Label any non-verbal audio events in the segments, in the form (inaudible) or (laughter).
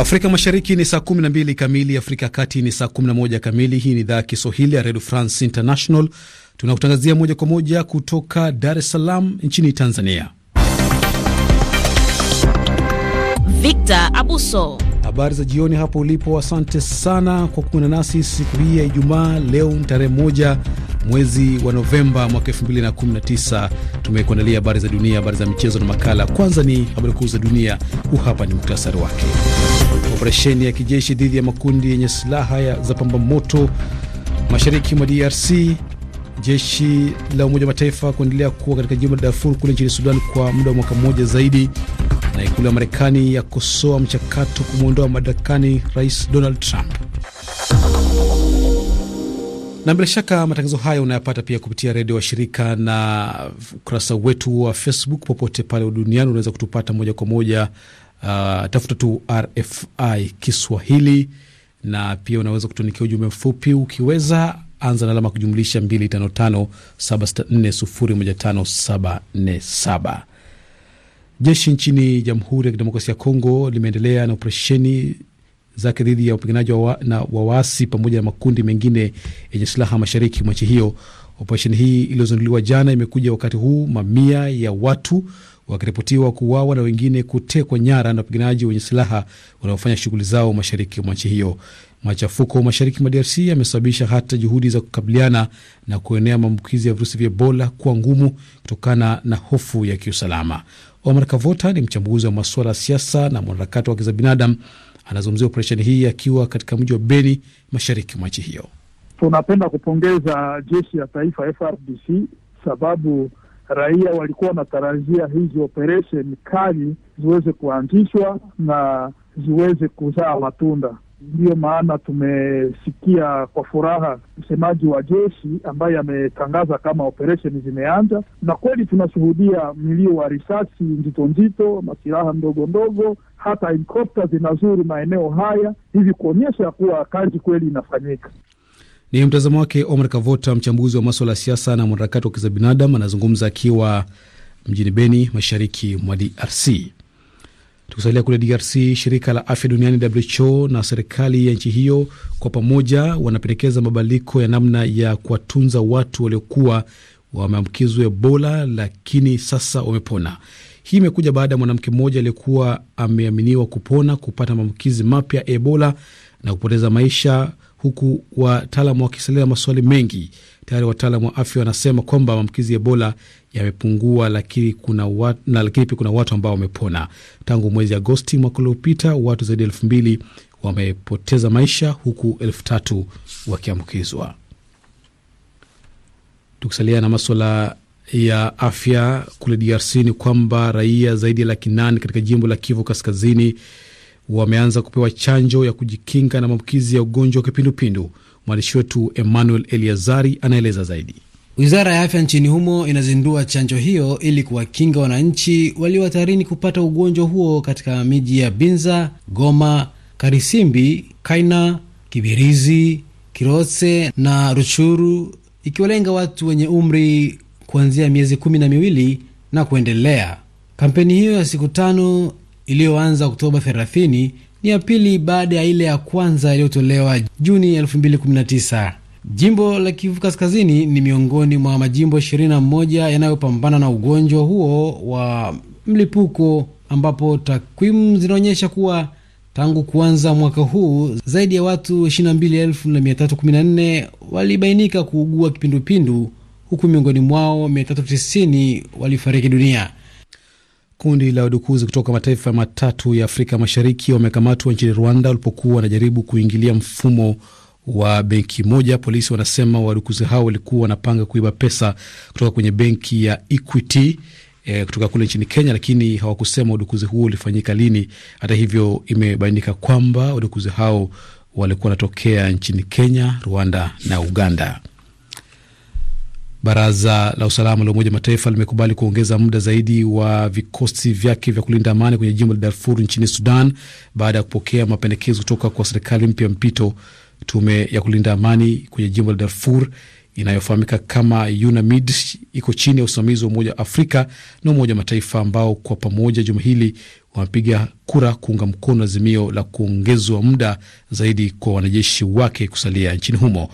Afrika Mashariki ni saa 12 kamili, Afrika ya Kati ni saa 11 kamili. Hii ni idhaa ya Kiswahili ya Redio France International, tunakutangazia moja kwa moja kutoka Dar es Salaam nchini Tanzania. Victor Abuso, habari za jioni hapo ulipo. Asante sana kwa kuungana nasi siku hii ya Ijumaa, leo tarehe moja mwezi wa Novemba mwaka 2019. Tumekuandalia habari za dunia, habari za michezo na makala. Kwanza ni habari kuu za dunia, huu hapa ni muktasari wake. Operesheni ya kijeshi dhidi ya makundi yenye silaha za pambamoto mashariki mwa DRC. Jeshi la Umoja wa Mataifa kuendelea kuwa katika jimbo la Darfur kule nchini Sudan kwa muda wa mwaka mmoja zaidi. Na ikulu ya Marekani yakosoa mchakato kumwondoa madarakani Rais Donald Trump. Na bila shaka matangazo haya unayapata pia kupitia redio wa shirika na ukurasa wetu wa Facebook. Popote pale duniani unaweza kutupata moja kwa moja Uh, tafuta tu RFI Kiswahili na pia unaweza kutunikia ujumbe mfupi ukiweza, anza na alama kujumlisha 255764015747. Jeshi nchini Jamhuri ya Kidemokrasia ya Kongo limeendelea na operesheni zake dhidi ya wapiganaji wa, na waasi pamoja na makundi mengine yenye silaha mashariki mwa nchi hiyo. Operesheni hii iliyozinduliwa jana imekuja wakati huu mamia ya watu wakiripotiwa kuuawa na wengine kutekwa nyara na wapiganaji wenye silaha wanaofanya shughuli zao mashariki mwa nchi hiyo. Machafuko mashariki mwa DRC yamesababisha hata juhudi za kukabiliana na kuenea maambukizi ya virusi vya Ebola kuwa ngumu kutokana na hofu ya kiusalama. Omar Kavota ni mchambuzi wa masuala ya siasa na mwanaharakati wa haki za binadamu. Anazungumzia operesheni hii akiwa katika mji wa Beni, mashariki mwa nchi hiyo. Tunapenda kupongeza jeshi ya taifa FRDC sababu raia walikuwa wanatarajia hizi operesheni kali ziweze kuanzishwa na ziweze kuzaa matunda. Ndiyo maana tumesikia kwa furaha msemaji wa jeshi ambaye ametangaza kama operesheni zimeanza, na kweli tunashuhudia mlio wa risasi nzito nzito, silaha ndogo ndogo, hata helikopta zinazuru maeneo haya, hivi kuonyesha kuwa kazi kweli inafanyika. Ni mtazamo wake Omar Kavota, mchambuzi wa maswala ya siasa na mwanaharakati wa haki za binadamu, anazungumza akiwa mjini Beni, mashariki mwa DRC. Tukusalia kule DRC, shirika la afya duniani WHO na serikali ya nchi hiyo kwa pamoja wanapendekeza mabadiliko ya namna ya kuwatunza watu waliokuwa wameambukizwa Ebola lakini sasa wamepona. Hii imekuja baada ya mwanamke mmoja aliyekuwa ameaminiwa kupona kupata maambukizi mapya Ebola na kupoteza maisha huku wataalamu wakisalia maswali mengi. Tayari wataalamu wa afya wanasema kwamba maambukizi ya Ebola yamepungua, lakini kuna na lakini pia kuna watu ambao wamepona. Tangu mwezi Agosti mwaka uliopita watu zaidi ya elfu mbili wamepoteza maisha huku elfu tatu wakiambukizwa. Tukisalia na maswala ya afya kule DRC ni kwamba raia zaidi ya laki nane katika jimbo la Kivu Kaskazini wameanza kupewa chanjo ya kujikinga na maambukizi ya ugonjwa wa kipindupindu. Mwandishi wetu Emmanuel Eliazari anaeleza zaidi. Wizara ya afya nchini humo inazindua chanjo hiyo ili kuwakinga wananchi walio hatarini kupata ugonjwa huo katika miji ya Binza, Goma, Karisimbi, Kaina, Kibirizi, kirose na Ruchuru, ikiwalenga watu wenye umri kuanzia miezi kumi na miwili na kuendelea. Kampeni hiyo ya siku tano iliyoanza Oktoba 30 ni ya pili baada ya ile ya kwanza iliyotolewa Juni 2019. Jimbo la Kivu Kaskazini ni miongoni mwa majimbo 21 yanayopambana na ugonjwa huo wa mlipuko, ambapo takwimu zinaonyesha kuwa tangu kuanza mwaka huu zaidi ya watu 22,314 walibainika kuugua kipindupindu huku miongoni mwao 390 walifariki dunia. Kundi la wadukuzi kutoka mataifa matatu ya Afrika Mashariki wamekamatwa nchini Rwanda walipokuwa wanajaribu kuingilia mfumo wa benki moja. Polisi wanasema wadukuzi hao walikuwa wanapanga kuiba pesa kutoka kwenye benki ya Equity e, kutoka kule nchini Kenya, lakini hawakusema udukuzi huo ulifanyika lini. Hata hivyo, imebainika kwamba wadukuzi hao walikuwa wanatokea nchini Kenya, Rwanda na Uganda. Baraza la usalama la Umoja Mataifa limekubali kuongeza muda zaidi wa vikosi vyake vya kulinda amani kwenye jimbo la Darfur nchini Sudan baada ya kupokea mapendekezo kutoka kwa serikali mpya mpito. Tume ya kulinda amani kwenye jimbo la Darfur inayofahamika kama UNAMID iko chini ya usimamizi wa Umoja wa Afrika na Umoja wa Mataifa ambao kwa pamoja juma hili wamepiga kura kuunga mkono azimio la kuongezwa muda zaidi kwa wanajeshi wake kusalia nchini humo.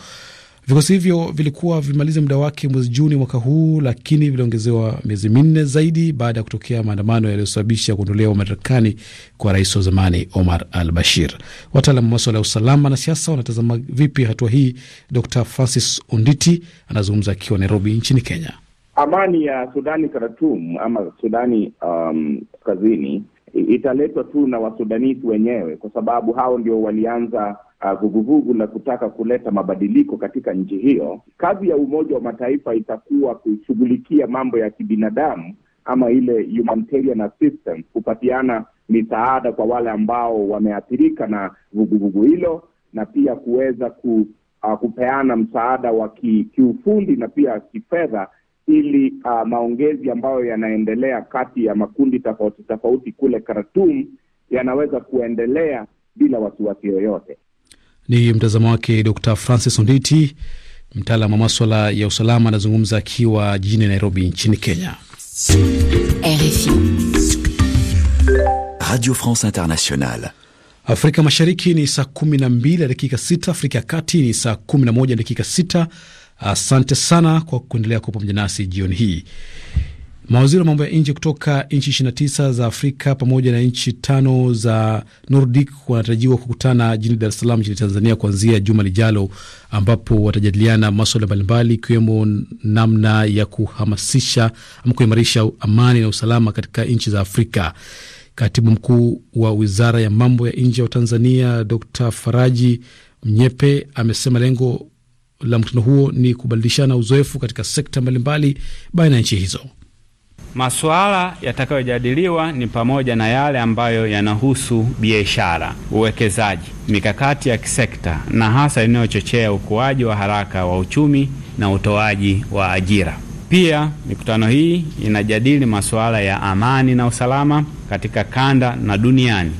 Vikosi hivyo vilikuwa vimalize muda wake mwezi Juni mwaka huu, lakini viliongezewa miezi minne zaidi baada ya kutokea maandamano yaliyosababisha kuondolewa madarakani kwa rais wa zamani Omar al Bashir. Wataalamu wa maswala ya usalama na siasa wanatazama vipi hatua hii? Dr Francis Onditi anazungumza akiwa Nairobi nchini Kenya. Amani ya Sudani Khartoum ama Sudani um, kazini italetwa tu na Wasudanisi wenyewe kwa sababu hao ndio walianza Uh, vuguvugu uh, la kutaka kuleta mabadiliko katika nchi hiyo. Kazi ya Umoja wa Mataifa itakuwa kushughulikia mambo ya kibinadamu ama ile humanitarian assistance, kupatiana misaada kwa wale ambao wameathirika na vuguvugu hilo na pia kuweza ku, uh, kupeana msaada wa ki, kiufundi na pia kifedha ili uh, maongezi ambayo yanaendelea kati ya makundi tofauti tofauti kule kartum yanaweza kuendelea bila wasiwasi yoyote. Ni mtazamo wake Dr Francis Onditi, mtaalam wa maswala ya usalama, anazungumza akiwa jijini Nairobi nchini Kenya. RFI, Radio France Internationale. Afrika Mashariki ni saa 12 na dakika 6, Afrika ya Kati ni saa 11 na dakika 6. Asante sana kwa kuendelea kuwa pamoja nasi jioni hii. Mawaziri wa mambo ya nje kutoka nchi 29 za Afrika pamoja na nchi tano za Nordic wanatarajiwa kukutana jijini Dar es Salaam nchini Tanzania kuanzia juma lijalo, ambapo watajadiliana maswala mbalimbali ikiwemo namna ya kuhamasisha ama kuimarisha amani na usalama katika nchi za Afrika. Katibu mkuu wa wizara ya mambo ya nje wa Tanzania Dr Faraji Mnyepe amesema lengo la mkutano huo ni kubadilishana uzoefu katika sekta mbalimbali baina ya nchi hizo. Masuala yatakayojadiliwa ni pamoja na yale ambayo yanahusu biashara, uwekezaji, mikakati ya kisekta na hasa inayochochea ukuaji wa haraka wa uchumi na utoaji wa ajira. Pia mikutano hii inajadili masuala ya amani na usalama katika kanda na duniani.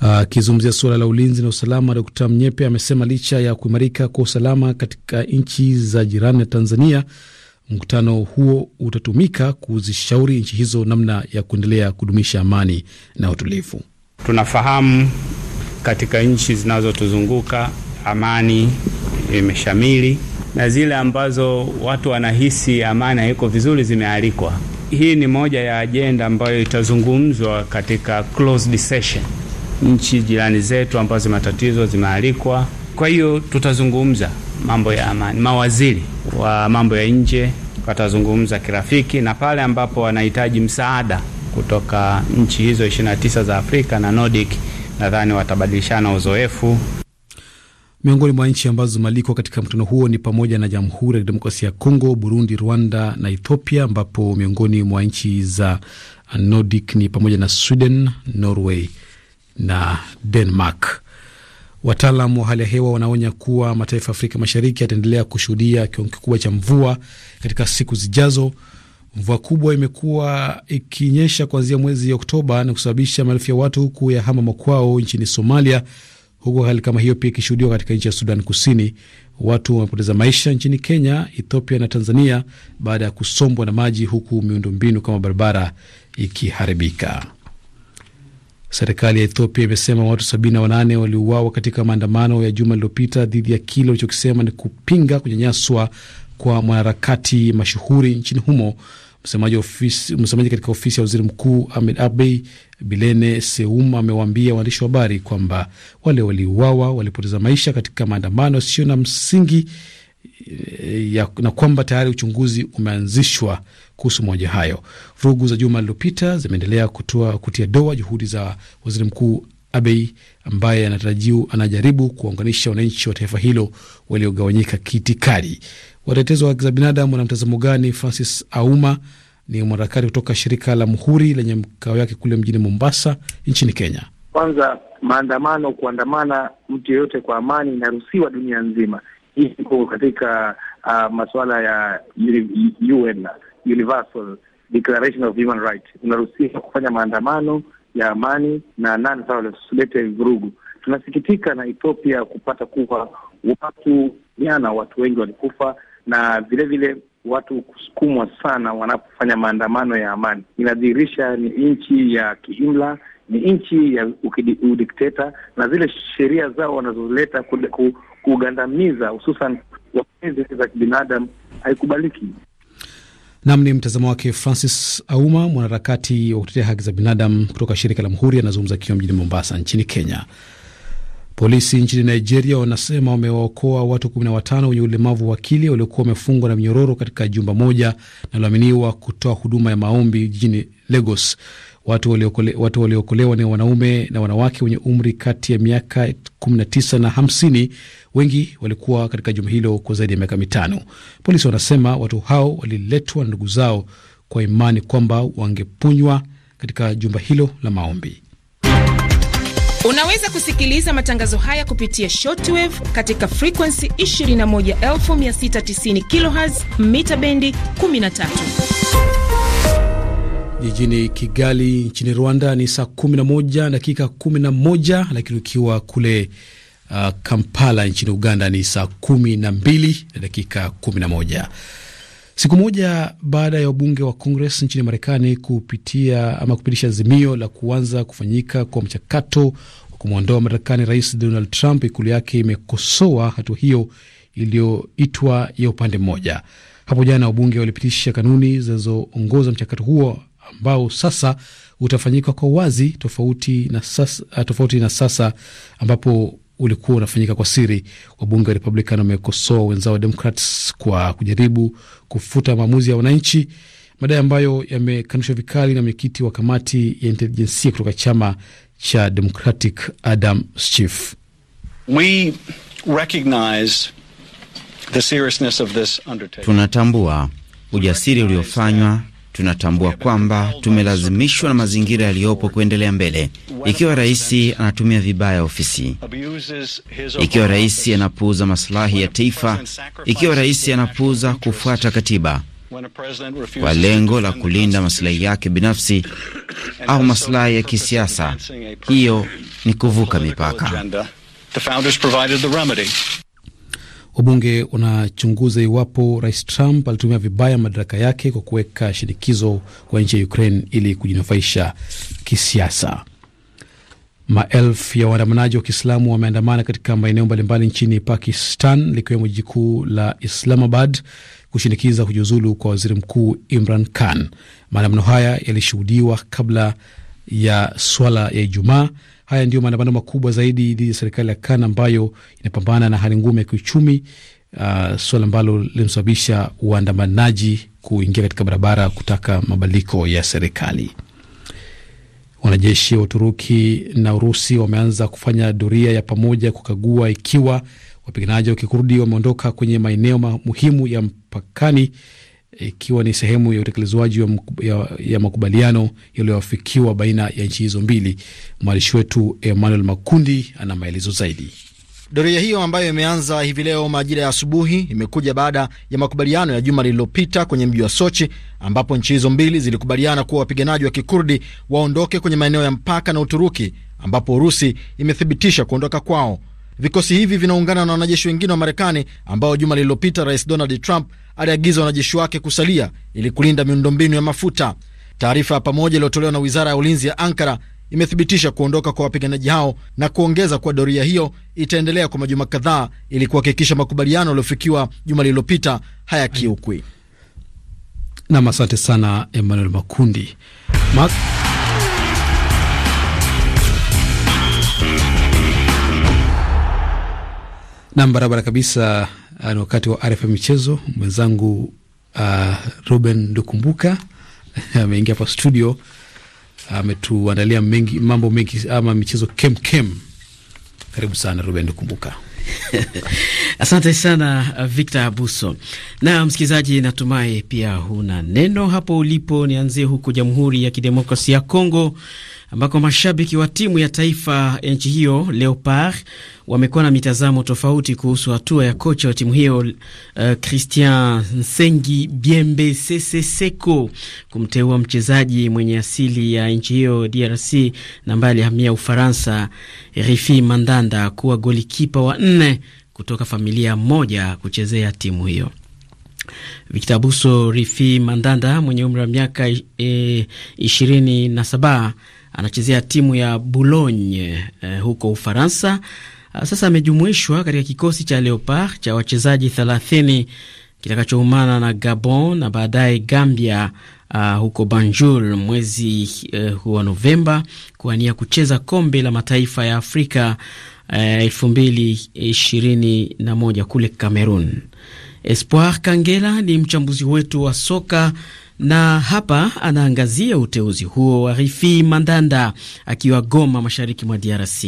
Ah, akizungumzia uh, suala la ulinzi na usalama, Dkt Mnyepe amesema licha ya kuimarika kwa usalama katika nchi za jirani ya Tanzania Mkutano huo utatumika kuzishauri nchi hizo namna ya kuendelea kudumisha amani na utulivu. Tunafahamu katika nchi zinazotuzunguka amani imeshamili na zile ambazo watu wanahisi amani haiko vizuri zimealikwa. Hii ni moja ya ajenda ambayo itazungumzwa katika closed session. Nchi jirani zetu ambazo matatizo zimealikwa, kwa hiyo tutazungumza mambo ya amani. Mawaziri wa mambo ya nje watazungumza kirafiki, na pale ambapo wanahitaji msaada kutoka nchi hizo 29 za Afrika na Nordic, nadhani watabadilishana uzoefu. Miongoni mwa nchi ambazo zimealikwa katika mkutano huo ni pamoja na Jamhuri ya Kidemokrasia ya Kongo, Burundi, Rwanda na Ethiopia, ambapo miongoni mwa nchi za Nordic ni pamoja na Sweden, Norway na Denmark wataalam wa hali ya hewa wanaonya kuwa mataifa ya Afrika Mashariki yataendelea kushuhudia kiwango kikubwa cha mvua katika siku zijazo. Mvua kubwa imekuwa ikinyesha kuanzia mwezi Oktoba na kusababisha maelfu ya watu huku ya hama makwao nchini Somalia, huku hali kama hiyo pia ikishuhudiwa katika nchi ya Sudan Kusini. Watu wamepoteza maisha nchini Kenya, Ethiopia na Tanzania baada ya kusombwa na maji, huku miundombinu kama barabara ikiharibika. Serikali ya Ethiopia imesema watu 78 waliuawa katika maandamano ya juma lililopita dhidi ya kile walichokisema ni kupinga kunyanyaswa kwa mwanaharakati mashuhuri nchini humo. Msemaji ofisi, msemaji katika ofisi ya waziri mkuu Ahmed Abey Bilene Seum amewaambia waandishi wa habari kwamba wale waliuawa walipoteza maisha katika maandamano yasiyo na msingi eh, ya, na kwamba tayari uchunguzi umeanzishwa kuhusu maoja hayo. Vurugu za juma lililopita zimeendelea kutia doa juhudi za waziri mkuu Abiy ambaye anatarajiwa anajaribu kuwaunganisha wananchi wa taifa hilo waliogawanyika kiitikadi. Watetezi wa haki za binadamu wana mtazamo gani? Francis Auma ni mwanaharakati kutoka shirika la Muhuri lenye mkao yake kule mjini Mombasa nchini Kenya. Kwanza, maandamano, kuandamana mtu yeyote kwa amani inaruhusiwa dunia nzima. Hii iko katika uh, masuala ya UN Universal Declaration of Human Rights unaruhusiwa kufanya maandamano ya amani na nani sasa walisulete vurugu. Tunasikitika na Ethiopia kupata kuwa watu jana, watu wengi walikufa na vilevile watu kusukumwa sana wanapofanya maandamano ya amani. Inadhihirisha ni nchi ya kiimla, ni nchi ya udikteta, na zile sheria zao wanazoleta kugandamiza, hususan wapenzi za kibinadamu haikubaliki. Nam ni mtazamo wake Francis Auma, mwanaharakati wa kutetea haki za binadamu kutoka shirika la Mhuri, anazungumza akiwa mjini Mombasa nchini Kenya. Polisi nchini Nigeria wanasema wamewaokoa watu 15 wenye ulemavu wa akili waliokuwa wamefungwa na minyororo katika jumba moja linaloaminiwa kutoa huduma ya maombi jijini Lagos. Watu waliokolewa waliokole ni wanaume na wanawake wenye umri kati ya miaka 19 na 50. Wengi walikuwa katika jumba hilo kwa zaidi ya miaka mitano. Polisi wanasema watu hao waliletwa na ndugu zao kwa imani kwamba wangepunywa katika jumba hilo la maombi. Unaweza kusikiliza matangazo haya kupitia shortwave katika frekuensi 21690 kHz mita bendi 13. Jijini Kigali nchini Rwanda ni saa 11 dakika 11, lakini ukiwa kule uh, Kampala nchini Uganda ni saa kumi na mbili na dakika moja Siku moja baada ya wabunge wa kongres nchini Marekani kupitia ama kupitisha azimio la kuanza kufanyika kwa mchakato wa kumwondoa madarakani Rais Donald Trump, ikulu yake imekosoa hatua hiyo iliyoitwa ya upande mmoja. Hapo jana wabunge walipitisha kanuni zinazoongoza mchakato huo ambao sasa utafanyika kwa wazi tofauti na sasa, ah, tofauti na sasa ambapo ulikuwa unafanyika kwa siri. Wabunge wa Republican wamekosoa wenzao wa Democrats kwa kujaribu kufuta maamuzi ya wananchi, madai ambayo yamekanushwa vikali na mwenyekiti wa kamati ya intelijensia kutoka chama cha Democratic Adam Schiff. We recognize the seriousness of this undertaking. Tunatambua ujasiri uliofanywa Tunatambua kwamba tumelazimishwa na mazingira yaliyopo kuendelea mbele. Ikiwa rais anatumia vibaya ofisi, ikiwa rais anapuuza masilahi ya taifa, ikiwa rais anapuuza kufuata katiba kwa lengo la kulinda masilahi yake binafsi au masilahi ya kisiasa, hiyo ni kuvuka mipaka. Wabunge wanachunguza iwapo rais Trump alitumia vibaya madaraka yake kwa kuweka shinikizo kwa nchi ya Ukraine ili kujinufaisha kisiasa. Maelfu ya waandamanaji wa Kiislamu wameandamana katika maeneo mbalimbali nchini Pakistan, likiwemo jiji kuu la Islamabad, kushinikiza kujiuzulu kwa waziri mkuu Imran Khan. Maandamano haya yalishuhudiwa kabla ya swala ya Ijumaa Haya ndio maandamano makubwa zaidi dhidi ya serikali ya kana ambayo inapambana na hali ngumu ya kiuchumi, uh, suala ambalo limesababisha waandamanaji kuingia katika barabara kutaka mabadiliko ya serikali. Wanajeshi wa Uturuki na Urusi wameanza kufanya doria ya pamoja kukagua ikiwa wapiganaji wa kikurdi wameondoka kwenye maeneo muhimu ya mpakani ikiwa ni sehemu ya utekelezwaji ya, ya makubaliano yaliyoafikiwa baina ya nchi hizo mbili. Mwandishi wetu Emmanuel Makundi ana maelezo zaidi. Doria hiyo ambayo imeanza hivi leo majira ya asubuhi imekuja baada ya makubaliano ya juma lililopita kwenye mji wa Sochi ambapo nchi hizo mbili zilikubaliana kuwa wapiganaji wa Kikurdi waondoke kwenye maeneo ya mpaka na Uturuki ambapo Urusi imethibitisha kuondoka kwao. Vikosi hivi vinaungana na wanajeshi wengine wa Marekani ambao juma lililopita Rais Donald Trump aliagiza wanajeshi wake kusalia ili kulinda miundombinu ya mafuta. Taarifa ya pamoja iliyotolewa na wizara ya ulinzi ya Ankara imethibitisha kuondoka kwa wapiganaji hao na kuongeza kuwa doria hiyo itaendelea kwa majuma kadhaa ili kuhakikisha makubaliano yaliyofikiwa juma lililopita hayakiukwi. Nam, asante sana Emmanuel Makundi. Ma nam, barabara kabisa. Ah, ni wakati wa RFM michezo. Mwenzangu uh, Ruben Ndukumbuka (laughs) ameingia hapa studio, ametuandalia uh, mengi, mambo mengi ama michezo kem kem. Karibu sana Ruben Ndukumbuka. (laughs) Asante sana Victor Abuso. Na msikilizaji, natumai pia huna neno hapo ulipo. Nianzie huko Jamhuri ya Kidemokrasia ya Kongo ambako mashabiki wa timu ya taifa ya nchi hiyo Leopard wamekuwa na mitazamo tofauti kuhusu hatua ya kocha wa timu hiyo uh, Christian Nsengi Biembe Sese Seko kumteua mchezaji mwenye asili ya nchi hiyo DRC na ambaye alihamia Ufaransa Rifi Mandanda kuwa golikipa wa nne kutoka familia moja kuchezea timu hiyo. Victor Buso Rifi Mandanda mwenye umri wa miaka eh, ishirini na saba anachezea timu ya Boulogne eh, huko Ufaransa. Ah, sasa amejumuishwa katika kikosi cha Leopard cha wachezaji 30 kitakachoumana na Gabon na baadaye Gambia uh, huko Banjul mwezi uh, huu wa Novemba kuania kucheza kombe la mataifa ya Afrika eh, elfu mbili ishirini na moja kule Cameroon. Espoir Kangela ni mchambuzi wetu wa soka na hapa anaangazia uteuzi huo wa Rifi Mandanda akiwa Goma, mashariki mwa DRC.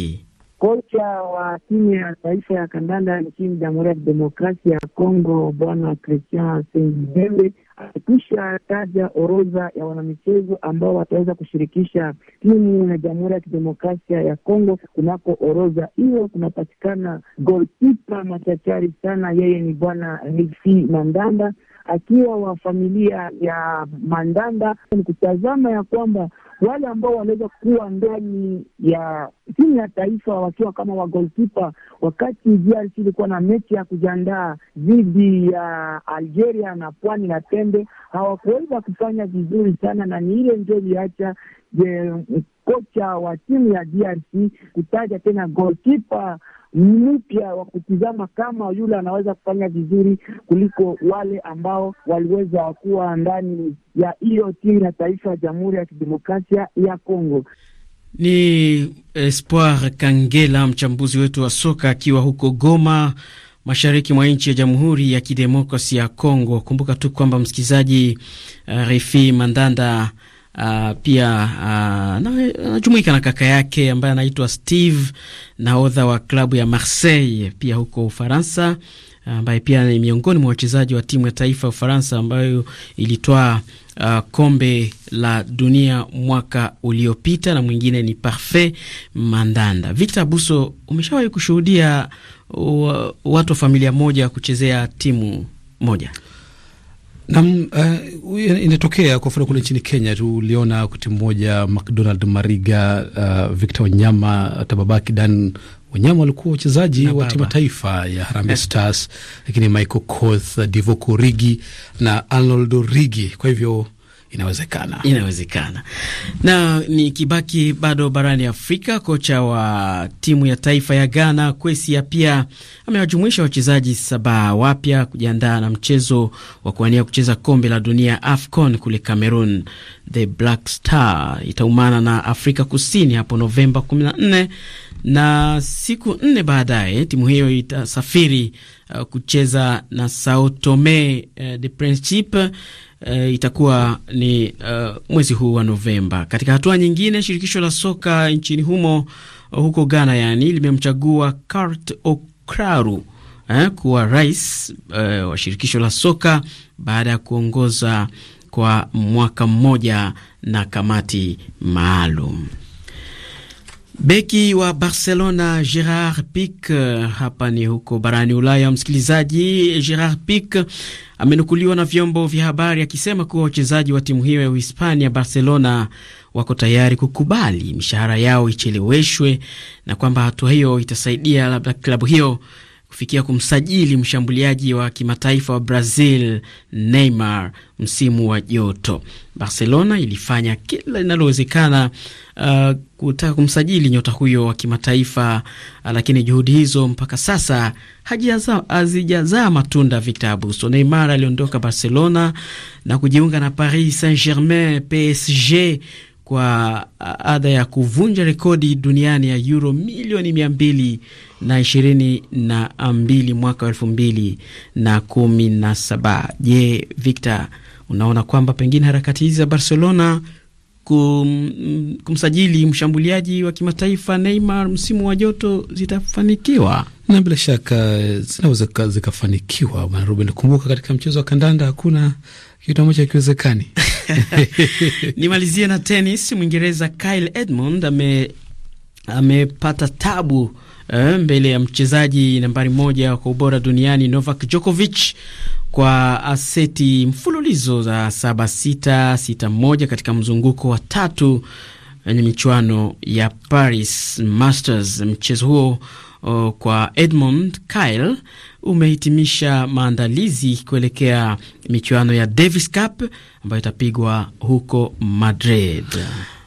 Kocha wa timu ya taifa ya kandanda nchini Jamhuri ya Kidemokrasia ya Kongo, Bwana Christian Sengibembe akisha taja orodha ya wanamichezo ambao wataweza kushirikisha timu ya Jamhuri ya Kidemokrasia ya Kongo. Kunako orodha hiyo kunapatikana golkipa machachari sana, yeye ni Bwana Rifi Mandanda akiwa wa familia ya Mandanda, ni kutazama ya kwamba wale ambao wanaweza kuwa ndani ya timu ya taifa wakiwa kama wagolkipa. Wakati DRC ilikuwa na mechi ya kujiandaa dhidi ya Algeria na pwani na Tembe, hawakuweza kufanya vizuri sana, na ni ile ndio iliacha eh, kocha wa timu ya DRC kutaja tena golkipa mpya wa kutizama kama yule anaweza kufanya vizuri kuliko wale ambao waliweza kuwa ndani ya hiyo timu ya taifa ya Jamhuri ya Kidemokrasia ya Kongo. Ni Espoir Kangela, mchambuzi wetu wa soka akiwa huko Goma, mashariki mwa nchi ya Jamhuri ya Kidemokrasi ya Kongo. Kumbuka tu kwamba msikilizaji, uh, Refi Mandanda Uh, pia uh, anajumuika na kaka yake ambaye anaitwa Steve, nahodha wa klabu ya Marseille pia huko Ufaransa, ambaye pia ni miongoni mwa wachezaji wa timu ya taifa ya Ufaransa ambayo ilitoa Uh, ah, kombe la dunia mwaka uliopita, na mwingine ni Parfait Mandanda. Victor Buso, umeshawahi kushuhudia watu wa familia moja kuchezea timu moja? Nam mm, uh, eh, inatokea kwa mfano kule nchini Kenya, tuliona timu mmoja McDonald Mariga, uh, Victor Wanyama, Tababa Dan Wanyama walikuwa wachezaji wa timu taifa ya Harambee eh. Stars, lakini Michael Koth, Divock Origi na Arnold Origi. Kwa hivyo Inawezekana, inawezekana. Na ni kibaki bado barani Afrika, kocha wa timu ya taifa ya Ghana Kwesi pia amewajumuisha wachezaji saba wapya kujiandaa na mchezo wa kuwania kucheza kombe la dunia AFCON kule Cameroon. The Black Star itaumana na Afrika Kusini hapo Novemba 14 na siku nne baadaye timu hiyo itasafiri uh, kucheza na Sao Tome uh, de Principe uh, itakuwa ni uh, mwezi huu wa Novemba. Katika hatua nyingine, shirikisho la soka nchini humo eh, huko Ghana yani limemchagua Kurt Okraru eh, kuwa rais uh, wa shirikisho la soka baada ya kuongoza kwa mwaka mmoja na kamati maalum. Beki wa Barcelona Gerard Pique, eh, hapa ni huko barani Ulaya, msikilizaji. Gerard Pique amenukuliwa na vyombo vya habari akisema kuwa wachezaji wa timu hiyo ya Uhispania Barcelona wako tayari kukubali mishahara yao icheleweshwe na kwamba hatua hiyo itasaidia labda klabu hiyo kufikia kumsajili mshambuliaji wa kimataifa wa Brazil Neymar msimu wa joto. Barcelona ilifanya kila linalowezekana uh, kutaka kumsajili nyota huyo wa kimataifa uh, lakini juhudi hizo mpaka sasa hazijazaa matunda. Victor Abuso, Neymar aliondoka Barcelona na kujiunga na Paris Saint-Germain PSG kwa adha ya kuvunja rekodi duniani ya euro milioni mia mbili na ishirini na mbili mwaka wa elfu mbili na kumi na saba. Je, Victor, unaona kwamba pengine harakati hizi za Barcelona kum, kumsajili mshambuliaji wa kimataifa Neymar msimu wa joto zitafanikiwa? Na bila shaka zinaweza zikafanikiwa, Ruben. Kumbuka katika mchezo wa kandanda hakuna kitu ambacho hakiwezekani. (laughs) Nimalizie na tenis. Mwingereza Kyle Edmund ame amepata tabu eh, mbele ya mchezaji nambari moja kwa ubora duniani Novak Djokovic kwa aseti mfululizo za saba sita sita moja katika mzunguko wa tatu kwenye eh, michuano ya Paris Masters. Mchezo huo oh, kwa Edmund Kyle umehitimisha maandalizi kuelekea michuano ya Davis Cup ambayo itapigwa huko Madrid.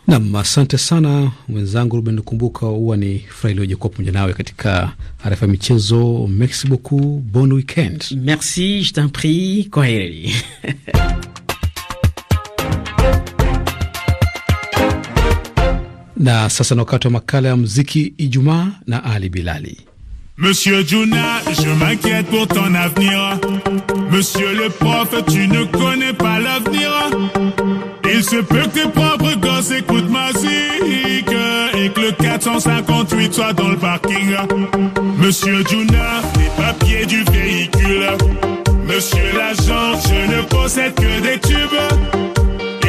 Nam, asante sana mwenzangu Ruben Kumbuka. Huwa ni furaha ilioje kuwa pamoja nawe katika arafa ya michezo. Merci beaucoup, bon weekend. Merci, je t'en prie, kwa heri. (laughs) Na sasa ni wakati wa makala ya muziki Ijumaa na Ali Bilali. Monsieur Juna, je m'inquiète pour ton avenir. Monsieur le prof, tu ne connais pas l'avenir. Il se peut que tes propres gosses écoutent ma musique et que le 458 soit dans le parking. Monsieur Juna, les papiers du véhicule. Monsieur l'agent, je ne possède que des tubes.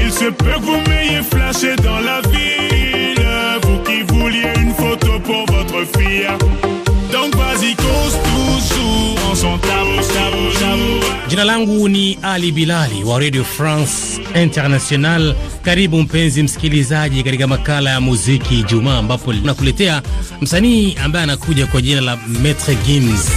Il se peut que vous m'ayez flashé dans la ville. Vous qui vouliez une photo pour votre fille. Jina langu ni Ali Bilali wa Radio France International. Karibu mpenzi msikilizaji, katika makala ya muziki Ijumaa, ambapo nakuletea msanii ambaye anakuja kwa jina la Maitre Gims.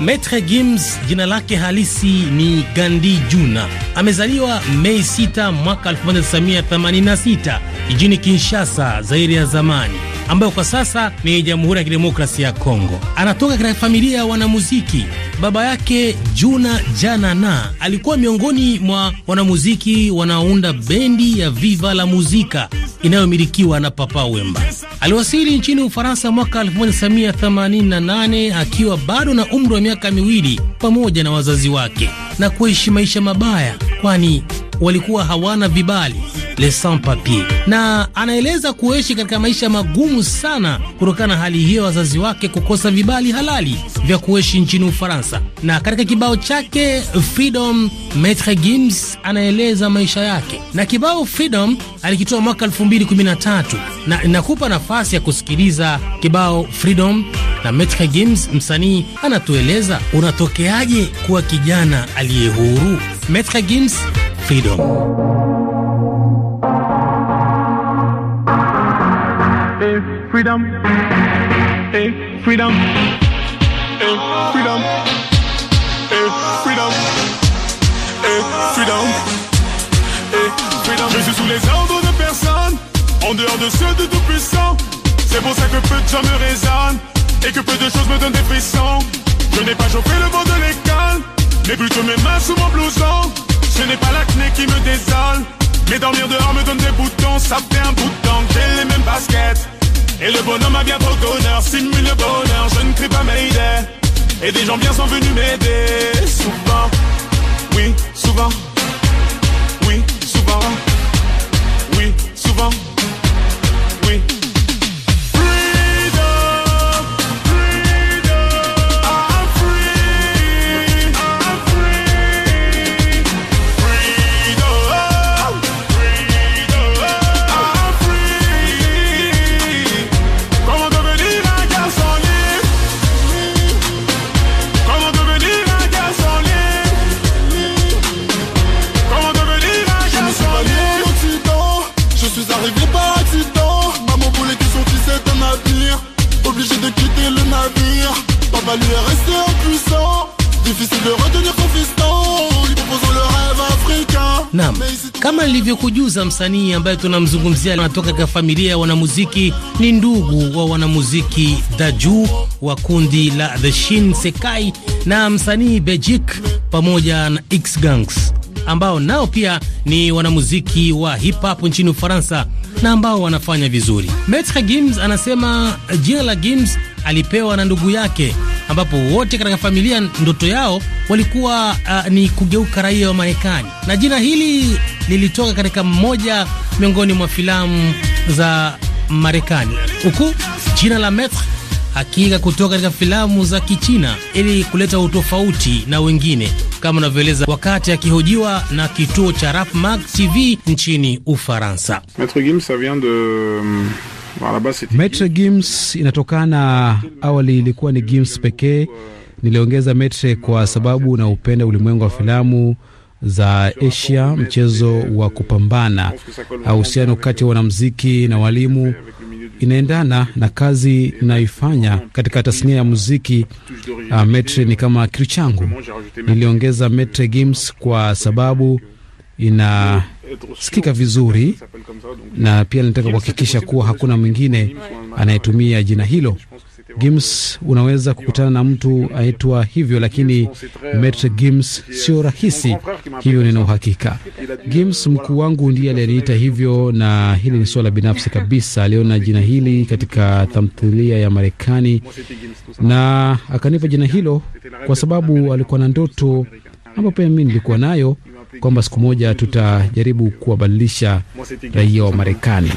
Maitre Gims jina lake halisi ni Gandhi Juna. Amezaliwa Mei 6 mwaka 1986 jijini Kinshasa, Zaire ya zamani ambayo kwa sasa ni Jamhuri ya Kidemokrasia ya Kongo. Anatoka katika familia ya wanamuziki. Baba yake Juna Janana alikuwa miongoni mwa wanamuziki wanaounda bendi ya Viva la Muzika inayomilikiwa na Papa Wemba. Aliwasili nchini Ufaransa mwaka 1988 akiwa bado na umri wa miaka miwili pamoja na wazazi wake na kuishi maisha mabaya, kwani walikuwa hawana vibali les sans papier, na anaeleza kuishi katika maisha magumu sana kutokana na hali hiyo, wazazi wake kukosa vibali halali vya kuishi nchini Ufaransa. Na katika kibao chake Freedom, Maitre Gims anaeleza maisha yake, na kibao Freedom alikitoa mwaka 2013 na inakupa nafasi ya kusikiliza kibao Freedom na Maitre Gims. Msanii anatueleza unatokeaje kuwa kijana aliye huru. Maitre Gims freedom. Hey, freedom. Hey, freedom. Hey, freedom. Hey, freedom. Hey, freedom. Hey, freedom. Je suis sous les ordres de personne, en dehors de ceux de tout puissant. C'est pour ça que peu de gens me résonnent, et que peu de choses me donnent des puissants Je n'ai pas chauffé le vent de l'école, mais plutôt mes mains sous mon blouson. Je n'ai pas l'acné qui me désole Mais dormir dehors me donne des boutons Ça fait un bout de temps que j'ai les mêmes baskets Et le bonhomme a bien trop d'honneur Simule le bonheur, je ne crie pas est. Et des gens bien sont venus m'aider Souvent, oui, souvent Oui, souvent Oui, souvent Kama nilivyokujuza, msanii ambaye tunamzungumzia anatoka katika familia ya wanamuziki, ni ndugu wa wanamuziki Daju wa kundi la The Shin Sekai na msanii Bejik pamoja na X Gangs ambao nao pia ni wanamuziki wa hip hop nchini Ufaransa na ambao wanafanya vizuri. Metra Gims anasema jina la Gims alipewa na ndugu yake, ambapo wote katika familia ndoto yao walikuwa uh, ni kugeuka raia wa Marekani na jina hili lilitoka katika mmoja miongoni mwa filamu za Marekani, huku jina la Metre hakika kutoka katika filamu za Kichina ili kuleta utofauti na wengine, kama unavyoeleza wakati akihojiwa na kituo cha Mag TV nchini Ufaransa. Metre euh, Gims inatokana, awali ilikuwa ni Gims pekee, niliongeza metre kwa sababu naupenda ulimwengu wa filamu za Asia, mchezo wa kupambana. Uhusiano kati ya wanamuziki na walimu inaendana na kazi inayoifanya katika tasnia ya muziki. Uh, ah, metre ni kama kitu changu. Niliongeza metre games kwa sababu inasikika vizuri na pia nataka kuhakikisha kuwa hakuna mwingine anayetumia jina hilo. Gims unaweza kukutana na mtu aitwa hivyo, lakini Metre Gims sio rahisi hivyo, nina uhakika. Gims mkuu wangu ndiye aliyeniita hivyo, na hili ni suala binafsi kabisa. Aliona jina hili katika tamthilia ya Marekani na akanipa jina hilo kwa sababu alikuwa na ndoto ambayo pia mimi nilikuwa nayo kwamba siku moja tutajaribu kuwabadilisha raia wa Marekani.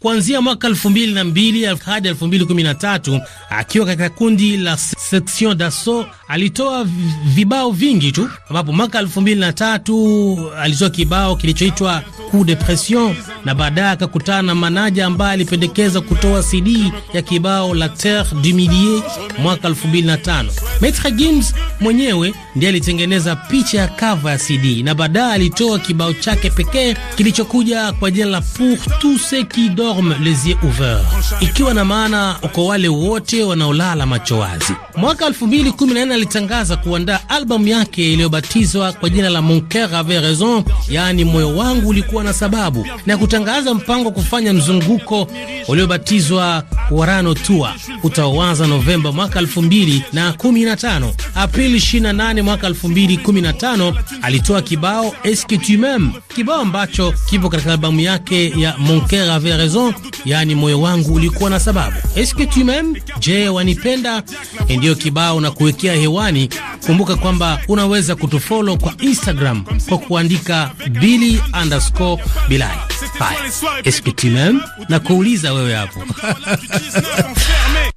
Kuanzia mwaka elfu mbili na mbili hadi elfu mbili kumi na tatu akiwa katika kundi la Section Dasso alitoa vibao vingi tu, ambapo mwaka elfu mbili na tatu alitoa kibao kilichoitwa Coup de Pression na baadaye akakutana na manaja ambaye alipendekeza kutoa CD ya kibao la Terre du Milieu mwaka elfu mbili na tano Maitre Gims mwenyewe mwenyewe ndiye alitengeneza picha ya kava ya CD na baadaye alitoa kibao chake pekee kilichokuja kwa jina la Pour tous ceux qui dorment les yeux ouverts, ikiwa na maana kwa wale wote wanaolala macho wazi. Mwaka 2014 alitangaza kuandaa albamu yake iliyobatizwa kwa jina la Mon Coeur Avait Raison, yaani moyo wangu ulikuwa na sababu, na kutangaza mpango wa kufanya mzunguko uliobatizwa Warano Tour utaoanza Novemba mwaka 2015 Aprili 18 mwaka 2015 alitoa kibao Est-ce que tu m'aimes, kibao ambacho kipo katika albamu yake ya Mon Coeur Avait Raison, yaani moyo wangu ulikuwa na sababu. Est-ce que tu m'aimes, je, wanipenda? E, ndiyo kibao na kuwekea hewani. Kumbuka kwamba unaweza kutufollow kwa Instagram kwa kuandika Billy underscore bilai Est-ce que tu m'aimes, na kuuliza wewe hapo (laughs)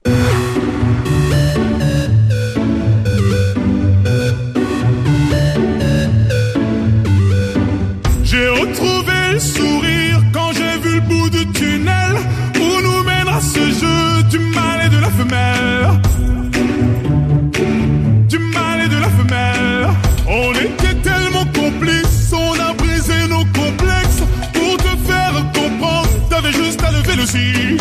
sourire quand j'ai vu le bout du tunnel où nous mènera ce jeu du mal et de la femelle. Du mal et de la femelle. On était tellement complices, on a brisé nos complexes pour te faire comprendre. T'avais juste à lever le cil.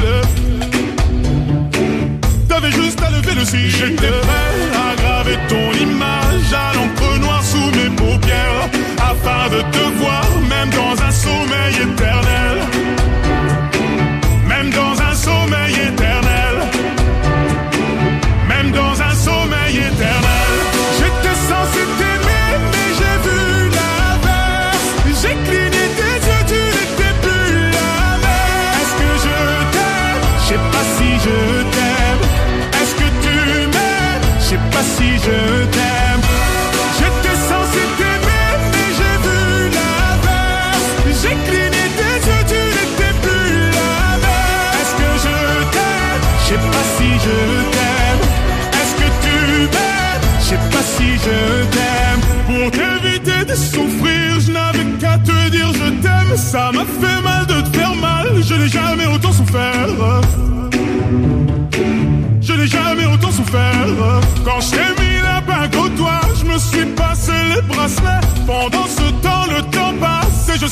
T'avais juste à lever le cil. J'étais prêt à graver ton image à l'encre noire sous mes paupières afin de te voir consume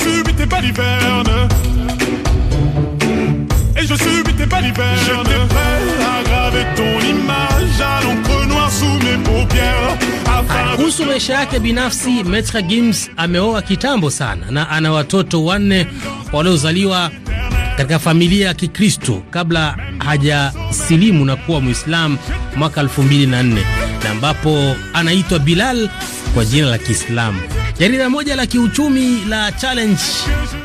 subis tes balivernes. Et je subis tes balivernes. J'étais prêt à graver ton image à l'encre noire sous mes paupières. Kuhusu maisha yake binafsi, Metra Gims ameoa kitambo sana na ana watoto wanne waliozaliwa katika familia ya Kikristo kabla hajasilimu na kuwa Muislamu mwaka 2004 na ambapo anaitwa Bilal kwa jina la Kiislamu. Jarida moja la kiuchumi la Challenge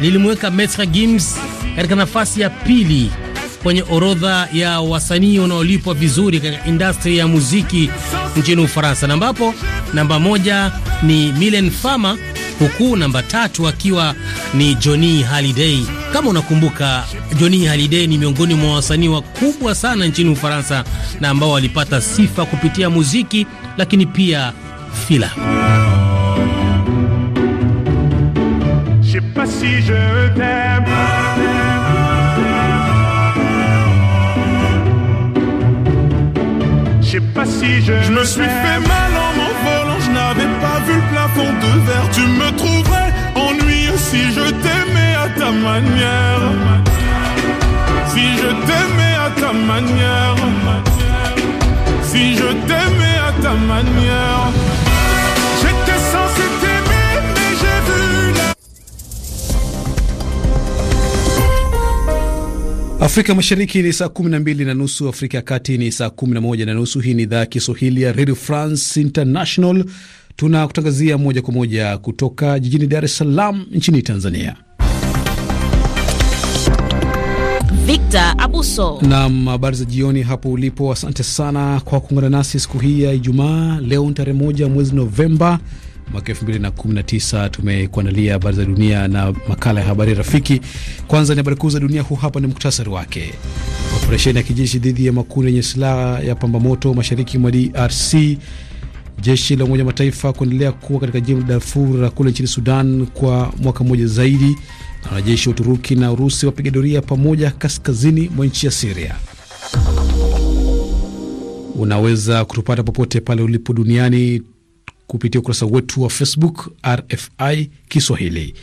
lilimweka Metra Gims katika nafasi ya pili kwenye orodha ya wasanii wanaolipwa vizuri katika industry ya muziki nchini Ufaransa, na ambapo namba moja ni Milen Farmer huku namba tatu akiwa ni Johnny Hallyday. Kama unakumbuka, Johnny Hallyday ni miongoni mwa wasanii wakubwa sana nchini Ufaransa na ambao walipata sifa kupitia muziki, lakini pia filamu. pas si je t'aime. Je sais pas si je. Je me suis fait mal en m'envolant, je n'avais pas vu le plafond de verre. Tu me trouverais ennuyeux si je t'aimais à ta manière. Si je t'aimais à ta manière. Si je t'aimais à ta manière. Afrika Mashariki ni saa 12 na nusu, Afrika ya Kati ni saa 11 na nusu. Hii ni idhaa ya Kiswahili ya Radio France International, tunakutangazia moja kwa moja kutoka jijini Dar es Salaam nchini Tanzania. Victor Abuso nam, habari za jioni hapo ulipo. Asante sana kwa kuungana nasi siku hii ya Ijumaa. Leo ni tarehe moja mwezi Novemba mwaka 2019 tumekuandalia habari za dunia na makala ya habari rafiki. Kwanza ni habari kuu za dunia, huu hapa ni muktasari wake. Operesheni ya kijeshi dhidi ya makundi yenye silaha ya pambamoto mashariki mwa DRC. Jeshi la Umoja Mataifa kuendelea kuwa katika jimbo la Darfur la kule nchini Sudan kwa mwaka mmoja zaidi, na wanajeshi wa Uturuki na Urusi wapiga doria pamoja kaskazini mwa nchi ya Siria. Unaweza kutupata popote pale ulipo duniani kupitia ukurasa wetu wa Facebook RFI Kiswahili.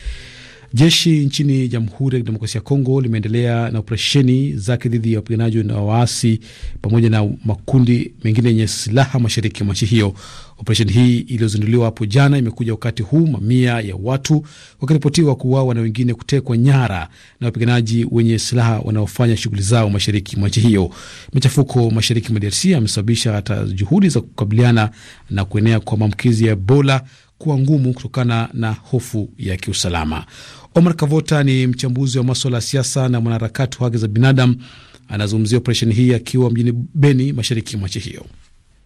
Jeshi nchini Jamhuri ya Kidemokrasia ya Kongo limeendelea na operesheni zake dhidi ya wapiganaji na waasi pamoja na makundi mengine yenye silaha mashariki mwa nchi hiyo. Operesheni hii iliyozinduliwa hapo jana imekuja wakati huu mamia ya watu wakiripotiwa kuuawa na wengine kutekwa nyara na wapiganaji wenye silaha wanaofanya shughuli zao mashariki mwa nchi hiyo. Machafuko mashariki mwa DRC yamesababisha hata juhudi za kukabiliana na kuenea kwa maambukizi ya Ebola kuwa ngumu kutokana na hofu ya kiusalama. Omar Kavota ni mchambuzi wa maswala ya siasa na mwanaharakati wa haki za binadamu. Anazungumzia operesheni hii akiwa mjini Beni, mashariki mwa nchi hiyo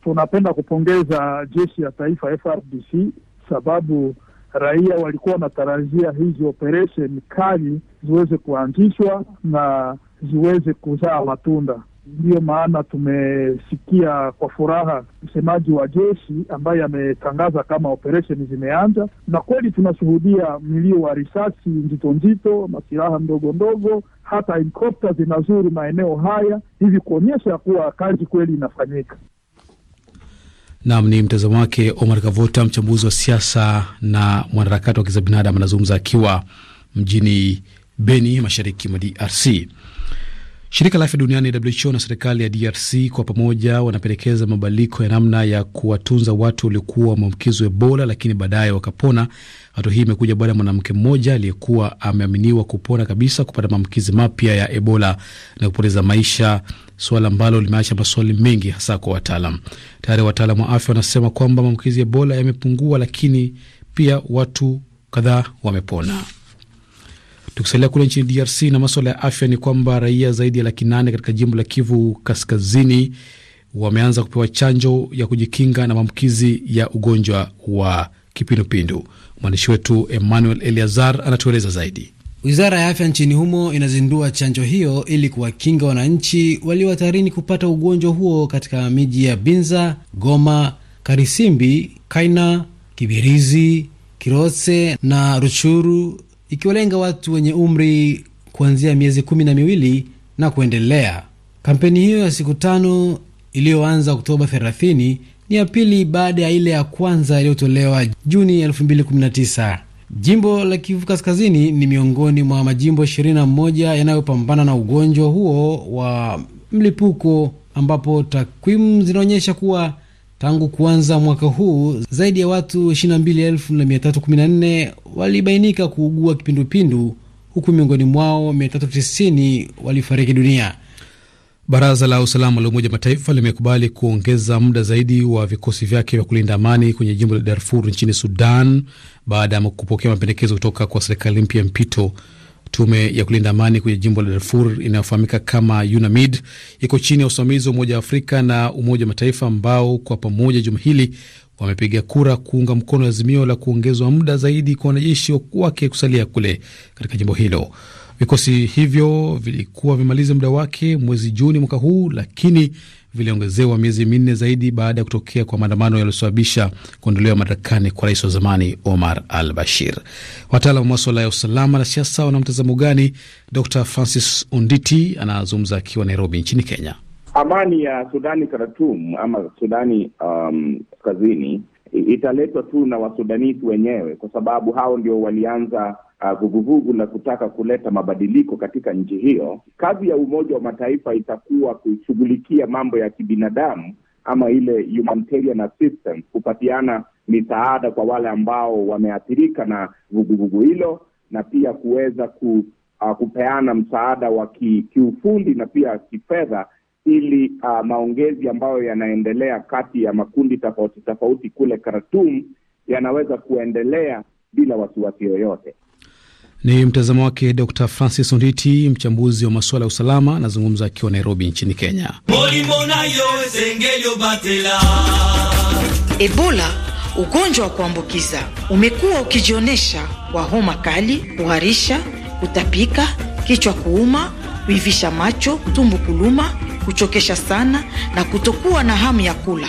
tunapenda kupongeza jeshi ya taifa FRDC sababu raia walikuwa wanatarajia hizi operesheni kali ziweze kuanzishwa na ziweze kuzaa matunda. Ndiyo maana tumesikia kwa furaha msemaji wa jeshi ambaye ametangaza kama operesheni zimeanza, na kweli tunashuhudia mlio wa risasi nzito nzito, silaha ndogo ndogo, hata helikopta zinazuru maeneo haya, hivi kuonyesha kuwa kazi kweli inafanyika. Nam ni mtazamo wake Omar Kavota, mchambuzi wa siasa na mwanaharakati wa haki za binadamu, anazungumza akiwa mjini Beni, mashariki mwa DRC. Shirika la afya duniani WHO na serikali ya DRC kwa pamoja wanapendekeza mabadiliko ya namna ya kuwatunza watu waliokuwa wameambukizwa Ebola lakini baadaye wakapona Hatua hii imekuja baada ya mwanamke mmoja aliyekuwa ameaminiwa kupona kabisa kupata maambukizi mapya ya Ebola na kupoteza maisha, suala ambalo limeacha maswali mengi, hasa kwa wataalam. Tayari wataalam wa afya wanasema kwamba maambukizi ya Ebola yamepungua, lakini pia watu kadhaa wamepona. Tukisalia kule nchini DRC na maswala ya afya, ni kwamba raia zaidi ya laki nane katika jimbo la Kivu Kaskazini wameanza kupewa chanjo ya kujikinga na maambukizi ya ugonjwa wa kipindupindu. Mwandishi wetu Emmanuel Eliazar anatueleza zaidi. Wizara ya afya nchini humo inazindua chanjo hiyo ili kuwakinga wananchi walio hatarini kupata ugonjwa huo katika miji ya Binza, Goma, Karisimbi, Kaina, Kibirizi, kirose na Ruchuru, ikiwalenga watu wenye umri kuanzia miezi kumi na miwili na kuendelea. Kampeni hiyo ya siku tano iliyoanza Oktoba 30 ni ya pili baada ya ile ya kwanza iliyotolewa Juni 2019. Jimbo la Kivu Kaskazini ni miongoni mwa majimbo 21 yanayopambana na ugonjwa huo wa mlipuko, ambapo takwimu zinaonyesha kuwa tangu kuanza mwaka huu zaidi ya watu 22314 walibainika kuugua kipindupindu, huku miongoni mwao 390 walifariki dunia. Baraza la usalama la Umoja Mataifa limekubali kuongeza muda zaidi wa vikosi vyake vya kulinda amani kwenye jimbo la Darfur nchini Sudan baada ya kupokea mapendekezo kutoka kwa serikali mpya mpito. Tume ya kulinda amani kwenye jimbo la Darfur inayofahamika kama UNAMID iko chini ya usimamizi wa Umoja wa Afrika na Umoja wa Mataifa ambao kwa pamoja juma hili wamepiga kura kuunga mkono azimio la kuongezwa muda zaidi kwa wanajeshi wake kusalia kule katika jimbo hilo. Vikosi hivyo vilikuwa vimalize muda wake mwezi Juni mwaka huu, lakini viliongezewa miezi minne zaidi baada ya kutokea kwa maandamano yaliyosababisha kuondolewa madarakani kwa rais wa zamani Omar al Bashir. Wataalam wa maswala ya usalama na siasa wana mtazamo gani? Dr Francis Unditi anazungumza akiwa Nairobi nchini Kenya. Amani ya Sudani karatum ama Sudani um, kazini italetwa tu na Wasudanisi wenyewe kwa sababu hao ndio walianza Uh, vuguvugu la kutaka kuleta mabadiliko katika nchi hiyo, kazi ya Umoja wa Mataifa itakuwa kushughulikia mambo ya kibinadamu ama ile humanitarian assistance, kupatiana misaada kwa wale ambao wameathirika na vuguvugu hilo na pia kuweza ku, uh, kupeana msaada wa ki, kiufundi na pia kifedha ili uh, maongezi ambayo yanaendelea kati ya makundi tofauti tofauti kule kartum yanaweza kuendelea bila wasiwasi yoyote. Ni mtazamo wake Dr Francis Onditi, mchambuzi wa masuala ya usalama, anazungumza akiwa Nairobi nchini Kenya. Ebola, ugonjwa wa kuambukiza umekuwa ukijionyesha kwa homa kali, kuharisha, kutapika, kichwa kuuma, kuivisha macho, tumbo kuluma, kuchokesha sana na kutokuwa na hamu ya kula.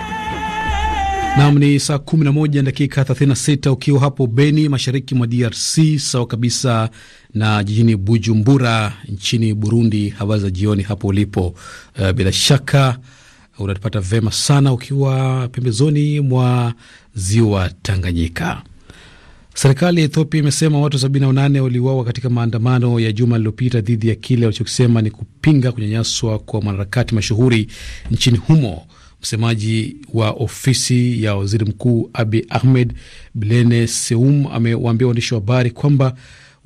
Nam ni saa 11 dakika 36 ukiwa hapo Beni, mashariki mwa DRC, sawa kabisa na jijini Bujumbura nchini Burundi. Habari za jioni hapo ulipo. Uh, bila shaka unatupata vema sana ukiwa pembezoni mwa ziwa Tanganyika. Serikali ya Ethiopia imesema watu 78 waliuawa katika maandamano ya juma lililopita dhidi ya kile walichokisema ni kupinga kunyanyaswa kwa mwanaharakati mashuhuri nchini humo. Msemaji wa ofisi ya waziri mkuu Abi Ahmed Blene Seum amewaambia waandishi wa habari kwamba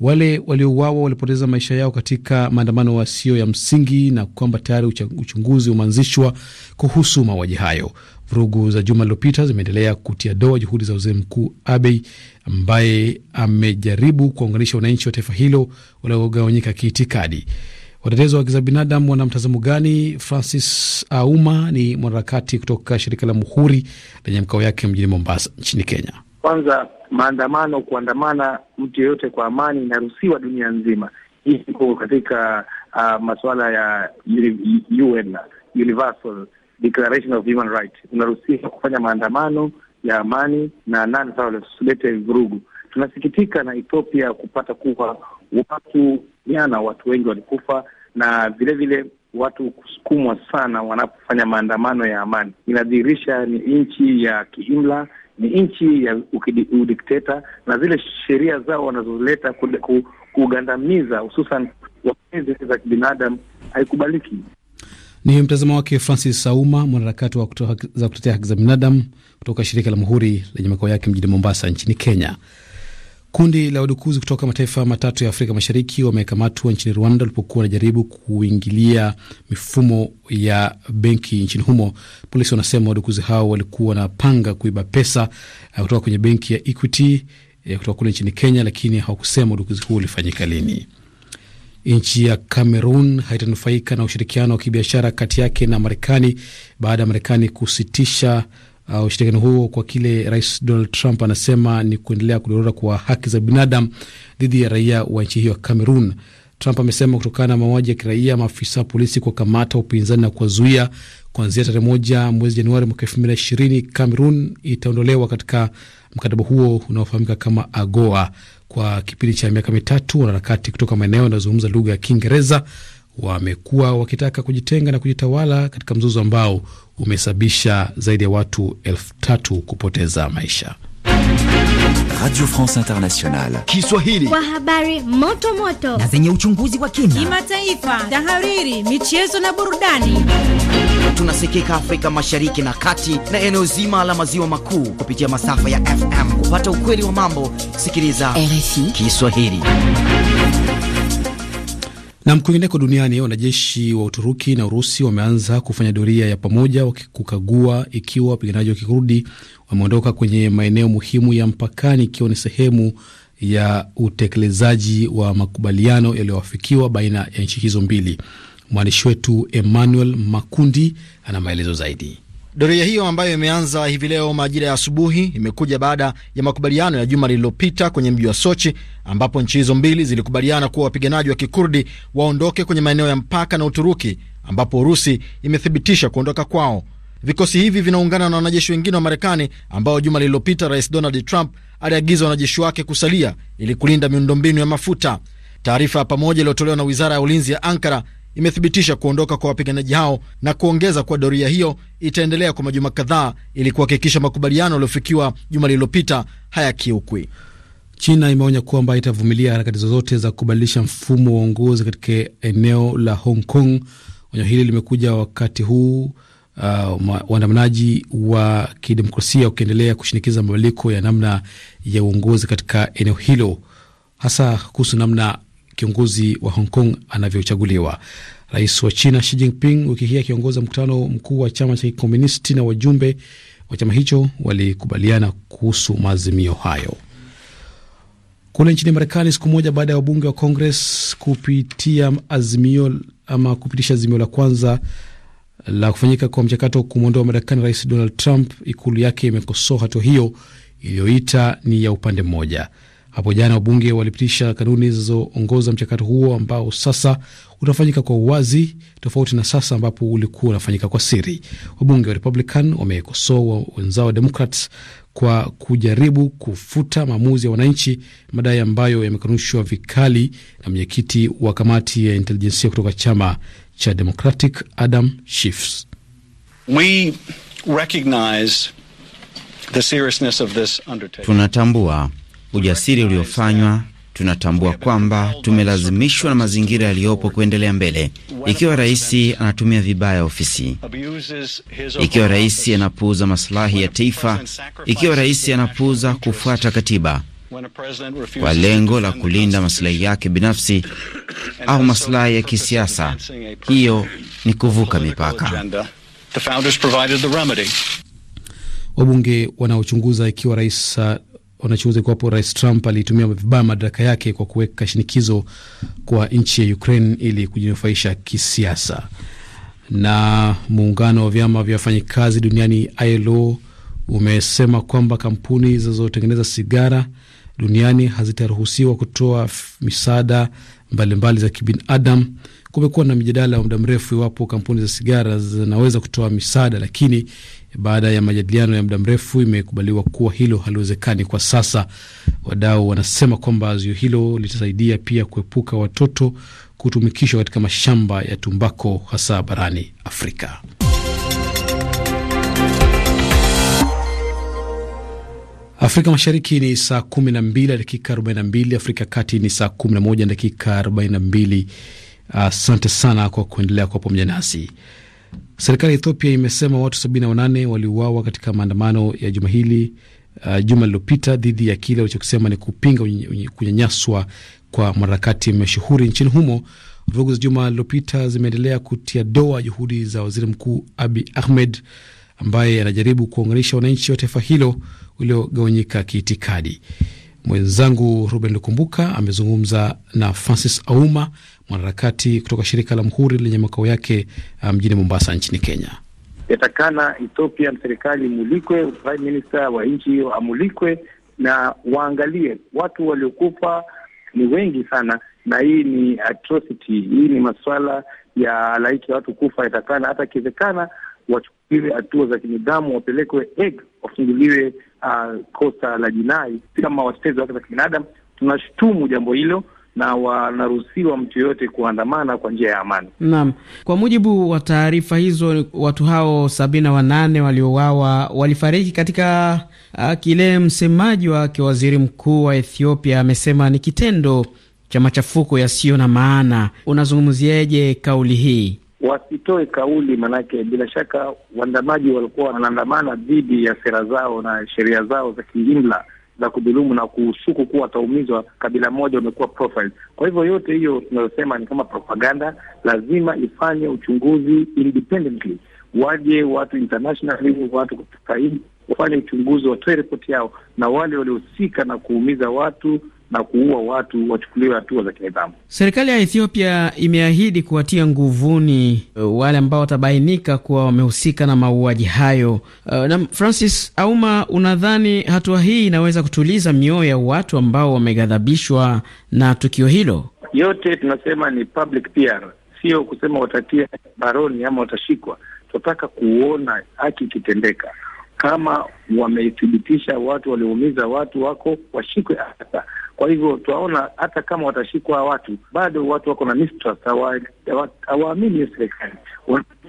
wale waliouawa walipoteza maisha yao katika maandamano yasiyo ya msingi na kwamba tayari uchunguzi umeanzishwa kuhusu mauaji hayo. Vurugu za juma lililopita zimeendelea kutia doa juhudi za waziri mkuu Abiy ambaye amejaribu kuwaunganisha wananchi wa taifa hilo waliogawanyika kiitikadi. Watetezi wa haki za binadamu wana mtazamo gani? Francis Auma ni mwanaharakati kutoka shirika la Muhuri lenye makao yake mjini Mombasa nchini Kenya. Kwanza, maandamano, kuandamana mtu yeyote kwa amani inaruhusiwa dunia nzima. Hii iko katika uh, masuala ya UN Universal Declaration of Human Rights. Unaruhusiwa kufanya maandamano ya amani na nani salete vurugu. Tunasikitika na Ethiopia kupata kuwa watu jana, watu wengi walikufa na vilevile vile watu kusukumwa sana wanapofanya maandamano ya amani. Inadhihirisha ni nchi ya kiimla, ni nchi ya udikteta, na zile sheria zao wanazoleta kugandamiza hususan za kibinadamu haikubaliki. Ni mtazamo wake Francis Sauma, mwanaharakati za kutetea haki za binadamu kutoka shirika la Muhuri lenye makao yake mjini Mombasa nchini Kenya. Kundi la wadukuzi kutoka mataifa matatu ya Afrika Mashariki wamekamatwa nchini Rwanda walipokuwa wanajaribu kuingilia mifumo ya benki nchini humo. Polisi wanasema wadukuzi hao walikuwa wanapanga kuiba pesa eh, kutoka kwenye benki ya Equity eh, kutoka kule nchini Kenya, lakini hawakusema udukuzi huo ulifanyika lini. Nchi ya Cameroon haitanufaika na ushirikiano wa kibiashara kati yake na Marekani baada ya Marekani kusitisha uh, ushirikiano huo kwa kile Rais Donald Trump anasema ni kuendelea kudorora kwa haki za binadamu dhidi ya raia wa nchi hiyo ya Cameroon. Trump amesema kutokana na mauaji ya kiraia, maafisa wa polisi kamata upinzani na kuwazuia kuanzia tarehe moja mwezi Januari mwaka elfu mbili na ishirini, Cameroon itaondolewa katika mkataba huo unaofahamika kama AGOA kwa kipindi cha miaka mitatu. Wanaharakati kutoka maeneo yanayozungumza lugha ya Kiingereza wamekuwa wakitaka kujitenga na kujitawala katika mzozo ambao umesababisha zaidi ya watu elfu tatu kupoteza maisha. Radio France Internationale Kiswahili, kwa habari moto moto na zenye uchunguzi wa kina, kimataifa, tahariri, michezo na burudani. Tunasikika Afrika Mashariki na Kati na eneo zima la maziwa makuu kupitia masafa ya FM. Kupata ukweli wa mambo, sikiliza RFI Kiswahili. Nam, kwingineko duniani wanajeshi wa Uturuki na Urusi wameanza kufanya doria ya pamoja kukagua ikiwa wapiganaji wa Kikurdi wameondoka kwenye maeneo muhimu ya mpakani, ikiwa ni sehemu ya utekelezaji wa makubaliano yaliyoafikiwa baina ya nchi hizo mbili. Mwandishi wetu Emmanuel Makundi ana maelezo zaidi. Doria hiyo ambayo imeanza hivi leo majira ya asubuhi imekuja baada ya makubaliano ya juma lililopita kwenye mji wa Sochi ambapo nchi hizo mbili zilikubaliana kuwa wapiganaji wa Kikurdi waondoke kwenye maeneo ya mpaka na Uturuki ambapo Urusi imethibitisha kuondoka kwao. Vikosi hivi vinaungana na wanajeshi wengine wa Marekani ambao juma lililopita Rais Donald Trump aliagiza wanajeshi wake kusalia ili kulinda miundombinu ya mafuta. Taarifa ya pamoja iliyotolewa na wizara ya ulinzi ya Ankara imethibitisha kuondoka kwa wapiganaji hao na kuongeza kuwa doria hiyo itaendelea kwa majuma kadhaa ili kuhakikisha makubaliano yaliyofikiwa juma lililopita hayakiukwi. China imeonya kwamba itavumilia harakati zozote za kubadilisha mfumo wa uongozi katika eneo la Hong Kong. Onyo hili limekuja wakati huu uh, waandamanaji wa kidemokrasia wakiendelea kushinikiza mabadiliko ya namna ya uongozi katika eneo hilo, hasa kuhusu namna kiongozi wa Hong Kong anavyochaguliwa. Rais wa China Xi Jinping wiki hii akiongoza mkutano mkuu wa chama cha kikomunisti na wajumbe wa chama hicho walikubaliana kuhusu maazimio hayo. Kule nchini Marekani, siku moja baada ya wabunge wa Kongres kupitia azimio ama kupitisha azimio la kwanza la kufanyika kwa mchakato wa kumwondoa madarakani rais Donald Trump, ikulu yake imekosoa hatua hiyo iliyoita ni ya upande mmoja. Hapo jana wabunge walipitisha kanuni zilizoongoza mchakato huo ambao sasa utafanyika kwa uwazi, tofauti na sasa ambapo ulikuwa unafanyika kwa siri. Wabunge wa Republican wamekosoa wenzao wa Democrats kwa kujaribu kufuta maamuzi ya wananchi, madai ambayo yamekanushwa vikali na mwenyekiti wa kamati ya intelijensia kutoka chama cha Democratic Adam Schiff. We recognize the seriousness of this undertaking. Tunatambua ujasiri uliofanywa. Tunatambua kwamba tumelazimishwa na mazingira yaliyopo kuendelea mbele. Ikiwa rais anatumia vibaya ofisi, ikiwa rais anapuuza masilahi ya taifa, ikiwa rais anapuuza kufuata katiba kwa lengo la kulinda masilahi yake binafsi au masilahi ya kisiasa, hiyo ni kuvuka mipaka. Wabunge wanaochunguza ikiwa rais uh, wanachuuza iwapo Rais Trump alitumia vibaya madaraka yake kwa kuweka shinikizo kwa nchi ya Ukraine ili kujinufaisha kisiasa. Na muungano wa vyama vya wafanyikazi duniani ILO umesema kwamba kampuni zinazotengeneza sigara duniani hazitaruhusiwa kutoa misaada mbalimbali za kibinadamu. Kumekuwa na mjadala wa muda mrefu iwapo kampuni za sigara zinaweza kutoa misaada, lakini baada ya majadiliano ya muda mrefu imekubaliwa kuwa hilo haliwezekani kwa sasa. Wadau wanasema kwamba azio hilo litasaidia pia kuepuka watoto kutumikishwa katika mashamba ya tumbako hasa barani Afrika. Afrika Mashariki ni saa kumi na mbili na dakika arobaini na mbili. Afrika ya Kati ni saa kumi na moja na dakika arobaini na mbili. Asante uh, sana kwa kuendelea kwa pamoja nasi. Serikali ya Ethiopia imesema watu 78 waliuawa katika maandamano ya juma hili uh, juma lililopita dhidi ya kile walichokisema ni kupinga kunyanyaswa kwa mwanaharakati mashuhuri nchini humo. Vurugu za juma lililopita zimeendelea kutia doa juhudi za waziri mkuu Abi Ahmed ambaye anajaribu kuwaunganisha wananchi wa taifa hilo uliogawanyika kiitikadi. Mwenzangu Ruben Lukumbuka amezungumza na Francis Auma, mwanaharakati kutoka shirika la Mhuri lenye makao yake uh, mjini Mombasa nchini Kenya. Yatakana Ethiopia serikali imulikwe, prime minister wa nchi hiyo amulikwe na waangalie watu waliokufa ni wengi sana, na hii ni atrocity, hii ni maswala ya halaiki ya watu kufa. Yatakana hata ikiwezekana zile hatua za kinidhamu, wapelekwe eg wafunguliwe uh, kosa la jinai. Kama watetezi wake za kibinadamu tunashutumu jambo hilo na wanaruhusiwa mtu yoyote kuandamana kwa njia ya amani. Naam, kwa mujibu wa taarifa hizo, watu hao sabini na wanane waliouawa walifariki katika uh, kile msemaji wake waziri mkuu wa Ethiopia amesema ni kitendo cha machafuko yasiyo na maana. Unazungumziaje kauli hii? wasitoe kauli, maanake bila shaka waandamaji walikuwa wanaandamana dhidi ya sera zao na sheria zao za kiimla za kudhulumu na kuhusuku kuwa wataumizwa kabila moja wamekuwa profile. Kwa hivyo yote hiyo tunayosema ni kama propaganda, lazima ifanye uchunguzi independently, waje watu internationally, watu kutoka wafanye uchunguzi, watoe ripoti yao, na wale waliohusika na kuumiza watu na kuua watu wachukuliwe hatua za kinidhamu. Serikali ya Ethiopia imeahidi kuwatia nguvuni uh, wale ambao watabainika kuwa wamehusika na mauaji hayo. Uh, na Francis Auma, unadhani hatua hii inaweza kutuliza mioyo ya watu ambao wameghadhabishwa na tukio hilo? Yote tunasema ni public PR, sio kusema watatia baroni ama watashikwa. Tunataka kuona haki ikitendeka. Kama wamethibitisha watu walioumiza watu wako, washikwe hasa kwa hivyo tuwaona hata kama watashikwa watu, bado watu wako na mistrust, hawaamini serikali,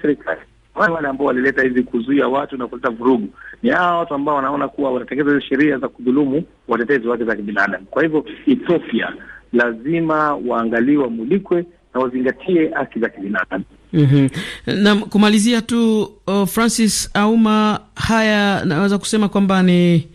serikali wale wale ambao walileta hizi kuzuia watu na kuleta vurugu ni hawa watu ambao wanaona kuwa wanatengeza hizo sheria za kudhulumu watetezi wake za kibinadamu. Kwa hivyo, Ethiopia lazima waangalie wamulikwe na wazingatie haki za kibinadamu. Mm -hmm. Na kumalizia tu, uh, Francis Auma, haya naweza kusema kwamba ni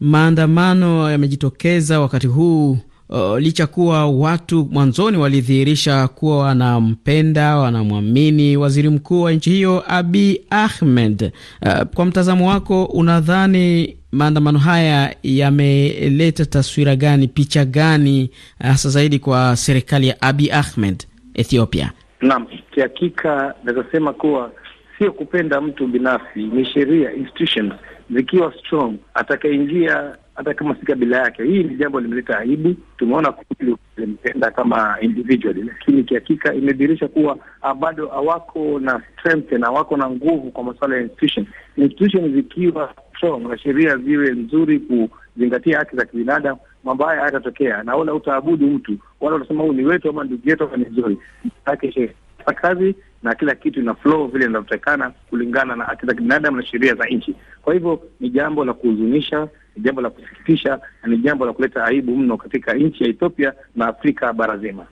maandamano yamejitokeza wakati huu uh, licha kuwa watu mwanzoni walidhihirisha kuwa wanampenda wanamwamini waziri mkuu wa nchi hiyo Abi Ahmed. Uh, kwa mtazamo wako unadhani maandamano haya yameleta taswira gani, picha gani hasa uh, zaidi kwa serikali ya Abi Ahmed Ethiopia? Naam, kihakika naweza sema kuwa sio kupenda mtu binafsi, ni sheria institutions zikiwa strong, atakaingia hata kama si kabila yake. Hii ni jambo limeleta aibu. Tumeona kweli kama individual, lakini kihakika imedhihirisha kuwa ah, bado hawako na strength na hawako na nguvu kwa masuala ya institution. Institution zikiwa strong na sheria ziwe nzuri kuzingatia haki za kibinadamu, mambo haya hayatatokea, na wala utaabudu mtu wala utasema huu ni wetu ama ndugu yetu ama ni nzuri kazi na kila kitu ina flow vile inavyotakana kulingana na haki za kibinadamu na sheria za nchi. Kwa hivyo ni jambo la kuhuzunisha, ni jambo la kusikitisha na ni jambo la kuleta aibu mno katika nchi ya Ethiopia na Afrika bara zima.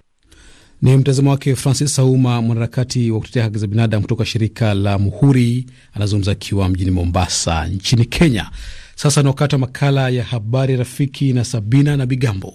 Ni mtazamo wake Francis Auma, mwanaharakati wa kutetea haki za binadamu kutoka shirika la Muhuri, anazungumza akiwa mjini Mombasa nchini Kenya. Sasa ni wakati wa makala ya habari rafiki na Sabina na Bigambo.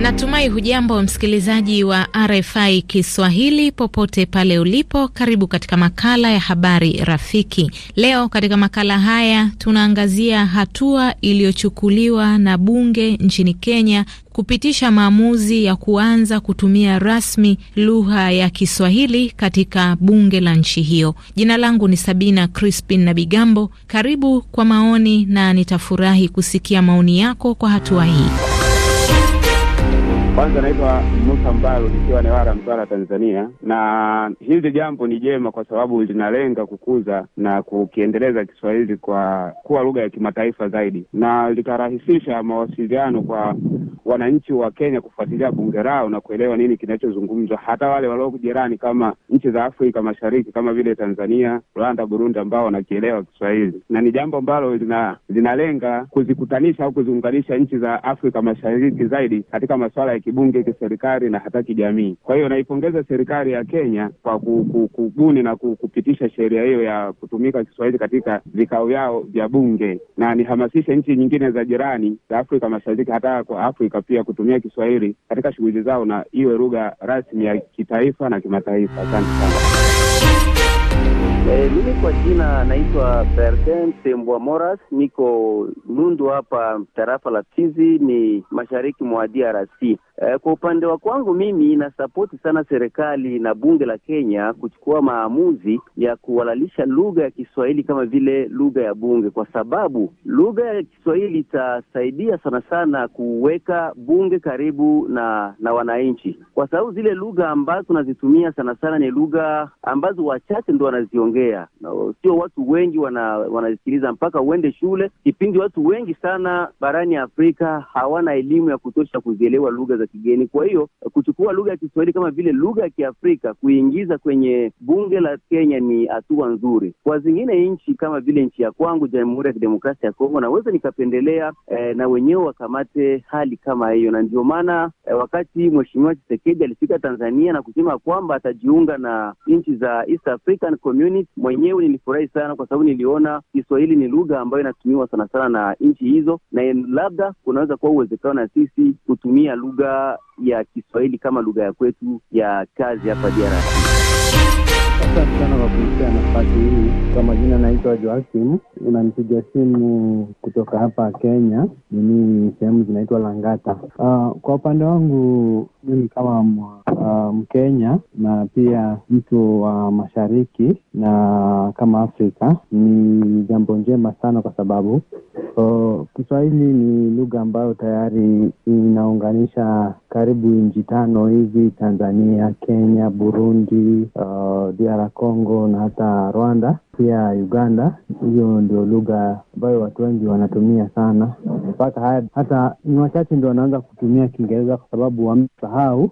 Natumai hujambo msikilizaji wa RFI Kiswahili popote pale ulipo. Karibu katika makala ya habari rafiki. Leo katika makala haya tunaangazia hatua iliyochukuliwa na bunge nchini Kenya kupitisha maamuzi ya kuanza kutumia rasmi lugha ya Kiswahili katika bunge la nchi hiyo. Jina langu ni Sabina Crispin na Bigambo. Karibu kwa maoni na nitafurahi kusikia maoni yako kwa hatua hii. Kwanza naitwa Musa Mbalu nikiwa Newala, Mtwara, Tanzania, na hili jambo ni jema kwa sababu linalenga kukuza na kukiendeleza Kiswahili kwa kuwa lugha ya kimataifa zaidi, na litarahisisha mawasiliano kwa wananchi wa Kenya kufuatilia bunge lao na kuelewa nini kinachozungumzwa, hata wale walio jirani kama nchi za Afrika Mashariki kama vile Tanzania, Rwanda, Burundi, ambao wanakielewa Kiswahili, na ni jambo ambalo lina, linalenga kuzikutanisha au kuziunganisha nchi za Afrika Mashariki zaidi katika masuala ya kibunge, kiserikali na hata kijamii. Kwa hiyo naipongeza serikali ya Kenya kwa kubuni na kupitisha sheria hiyo ya kutumika Kiswahili katika vikao vyao vya bunge, na nihamasishe nchi nyingine za jirani za Afrika Mashariki, hata kwa Afrika pia kutumia Kiswahili katika shughuli zao na iwe lugha rasmi ya kitaifa na kimataifa. Asante sana. E, mimi kwa jina naitwa Bertin Sembwa Moras, niko Nundu hapa tarafa la Fizi, ni mashariki mwa DRC. Eh, kwa upande wa kwangu mimi nasapoti sana serikali na bunge la Kenya kuchukua maamuzi ya kuhalalisha lugha ya Kiswahili kama vile lugha ya bunge, kwa sababu lugha ya Kiswahili itasaidia sana sana kuweka bunge karibu na na wananchi, kwa sababu zile lugha ambazo tunazitumia sana sana ni lugha ambazo wachache ndio wanaziongea, sio watu wengi wana, wanazisikiliza. Mpaka uende shule, kipindi watu wengi sana barani Afrika hawana elimu ya kutosha kuzielewa lugha za kigeni. Kwa hiyo kuchukua lugha ya Kiswahili kama vile lugha ya Kiafrika kuingiza kwenye bunge la Kenya ni hatua nzuri. Kwa zingine nchi kama vile nchi ya kwangu, Jamhuri ya Kidemokrasia ya Kongo, naweza nikapendelea eh, na wenyewe wakamate hali kama hiyo, na ndio maana eh, wakati Mheshimiwa Chisekedi alifika Tanzania na kusema kwamba atajiunga na nchi za East African Community, mwenyewe nilifurahi sana kwa sababu niliona Kiswahili ni lugha ambayo inatumiwa sana sana na nchi hizo, na labda kunaweza kuwa uwezekano na sisi kutumia lugha ya Kiswahili kama lugha ya kwetu ya kazi hapa DRC. Sana kwa nafasi hii. majina naitwa Joakim, unampiga simu kutoka hapa Kenya, ni sehemu zinaitwa Langata. Uh, kwa upande wangu mimi kama uh, Mkenya na pia mtu wa uh, mashariki na kama Afrika ni jambo njema sana kwa sababu uh, Kiswahili ni lugha ambayo tayari inaunganisha karibu nchi tano hivi: Tanzania, Kenya, Burundi, uh, DR Congo na hata Rwanda pia Uganda. Hiyo ndio lugha ambayo watu wengi wanatumia sana, mpaka hata ni wachache ndio wanaanza kutumia Kiingereza kwa sababu wamesahau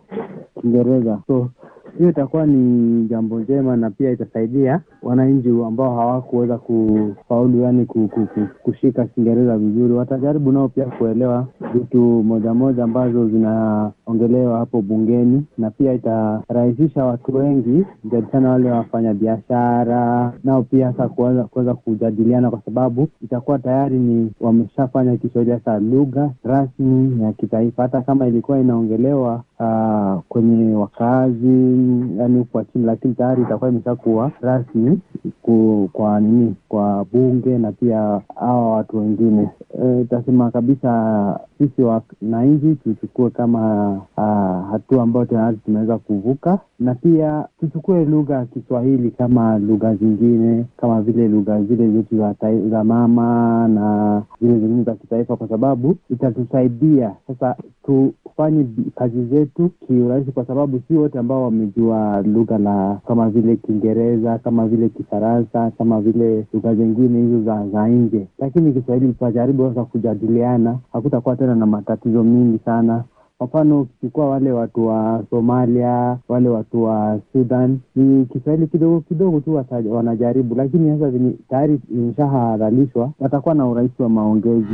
Kiingereza so hiyo itakuwa ni jambo njema na pia itasaidia wananchi ambao hawakuweza kufaulu, yani ku, ku, ku, kushika Kiingereza vizuri, watajaribu nao pia kuelewa vitu moja moja ambazo zinaongelewa hapo bungeni, na pia itarahisisha watu wengi, zaidi wale wafanya biashara, nao pia hasa kuweza kujadiliana, kwa sababu itakuwa tayari ni wameshafanya kiswahili cha lugha rasmi ya kitaifa, hata kama ilikuwa inaongelewa uh, kwenye wakazi yani kwa chini, lakini tayari itakuwa imeshakuwa rasmi ku, kwa nini kwa bunge na pia hawa watu wengine e, itasema e, kabisa sisi wananchi tuchukue kama uh, hatua ambayo tayari tumeweza kuvuka, na pia tuchukue lugha ya Kiswahili kama lugha zingine kama vile lugha zile zetu za, za mama na zile zingine za kitaifa, kwa sababu itatusaidia sasa tufanye kazi zetu kiurahisi, kwa sababu si wote ambao wame amejua lugha la kama vile Kiingereza, kama vile Kifaransa, kama vile lugha zingine hizo za, za nje. Lakini Kiswahili tutajaribu sasa kujadiliana, hakutakuwa tena na matatizo mingi sana. Kwa mfano ukichukua wale watu wa Somalia, wale watu wa Sudan, ni Kiswahili kidogo kidogo tu wanajaribu, lakini sasa tayari imeshahalalishwa, watakuwa na urahisi wa maongezi.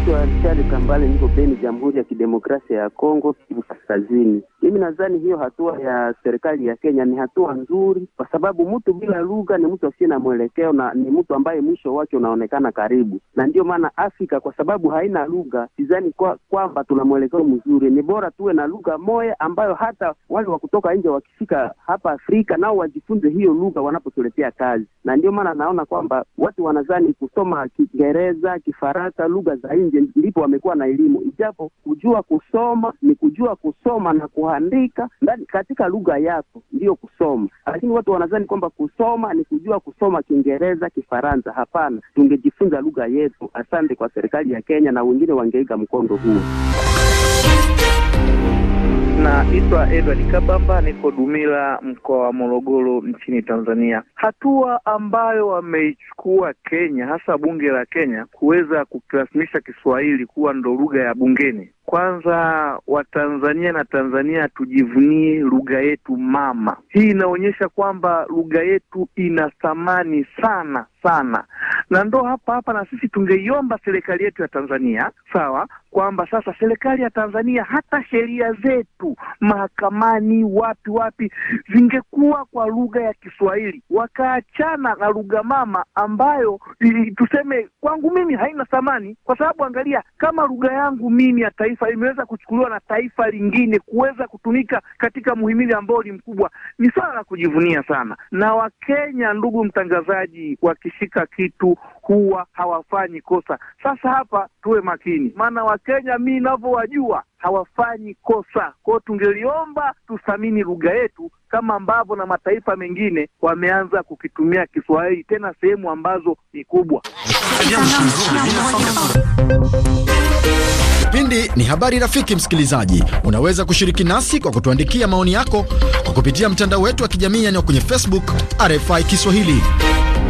Naitwa Richard Kambale, niko Beni, Jamhuri ya Kidemokrasia ya Kongo, Kivu Kaskazini. Mimi nadhani hiyo hatua ya serikali ya Kenya ni hatua nzuri, kwa sababu mtu bila lugha ni mtu asiye na mwelekeo na ni mtu ambaye mwisho wake unaonekana karibu, na ndiyo maana Afrika kwa sababu haina lugha, sidhani kwamba tuna mwelekeo mzuri. Ni bora tuwe na lugha moja ambayo hata wale wa kutoka nje wakifika hapa Afrika nao wajifunze hiyo lugha wanapotuletea kazi, na ndio maana naona kwamba watu wanadhani kusoma Kiingereza, Kifaransa, lugha za nje ndipo wamekuwa na elimu, ijapo kujua kusoma ni kujua kusoma na kuandika ndani katika lugha yako ndiyo kusoma, lakini watu wanadhani kwamba kusoma ni kujua kusoma Kiingereza, Kifaransa. Hapana, tungejifunza lugha yetu. Asante kwa serikali ya Kenya na wengine wangeiga mkondo huo. Naitwa Edward Kabamba, niko Dumila, mkoa wa Morogoro, nchini Tanzania. Hatua ambayo wameichukua Kenya, hasa bunge la Kenya, kuweza kukilasimisha Kiswahili kuwa ndo lugha ya bungeni kwanza Watanzania na Tanzania tujivunie lugha yetu mama. Hii inaonyesha kwamba lugha yetu ina thamani sana sana, na ndo hapa hapa na sisi tungeiomba serikali yetu ya Tanzania, sawa, kwamba sasa serikali ya Tanzania, hata sheria zetu mahakamani, wapi wapi, zingekuwa kwa lugha ya Kiswahili, wakaachana na lugha mama ambayo tuseme, kwangu mimi haina thamani, kwa sababu angalia, kama lugha yangu mimi ya taifa taifa limeweza kuchukuliwa na taifa lingine kuweza kutumika katika muhimili ambao ni mkubwa, ni swala la kujivunia sana. Na Wakenya, ndugu mtangazaji, wakishika kitu kuwa hawafanyi kosa. Sasa hapa tuwe makini, maana Wakenya mi ninavyowajua hawafanyi kosa kwao. Tungeliomba tuthamini lugha yetu kama ambavyo na mataifa mengine wameanza kukitumia Kiswahili, tena sehemu ambazo ni kubwa. Kipindi ni habari. Rafiki msikilizaji, unaweza kushiriki nasi kwa kutuandikia maoni yako kwa kupitia mtandao wetu wa kijamii, yaani kwenye Facebook RFI Kiswahili.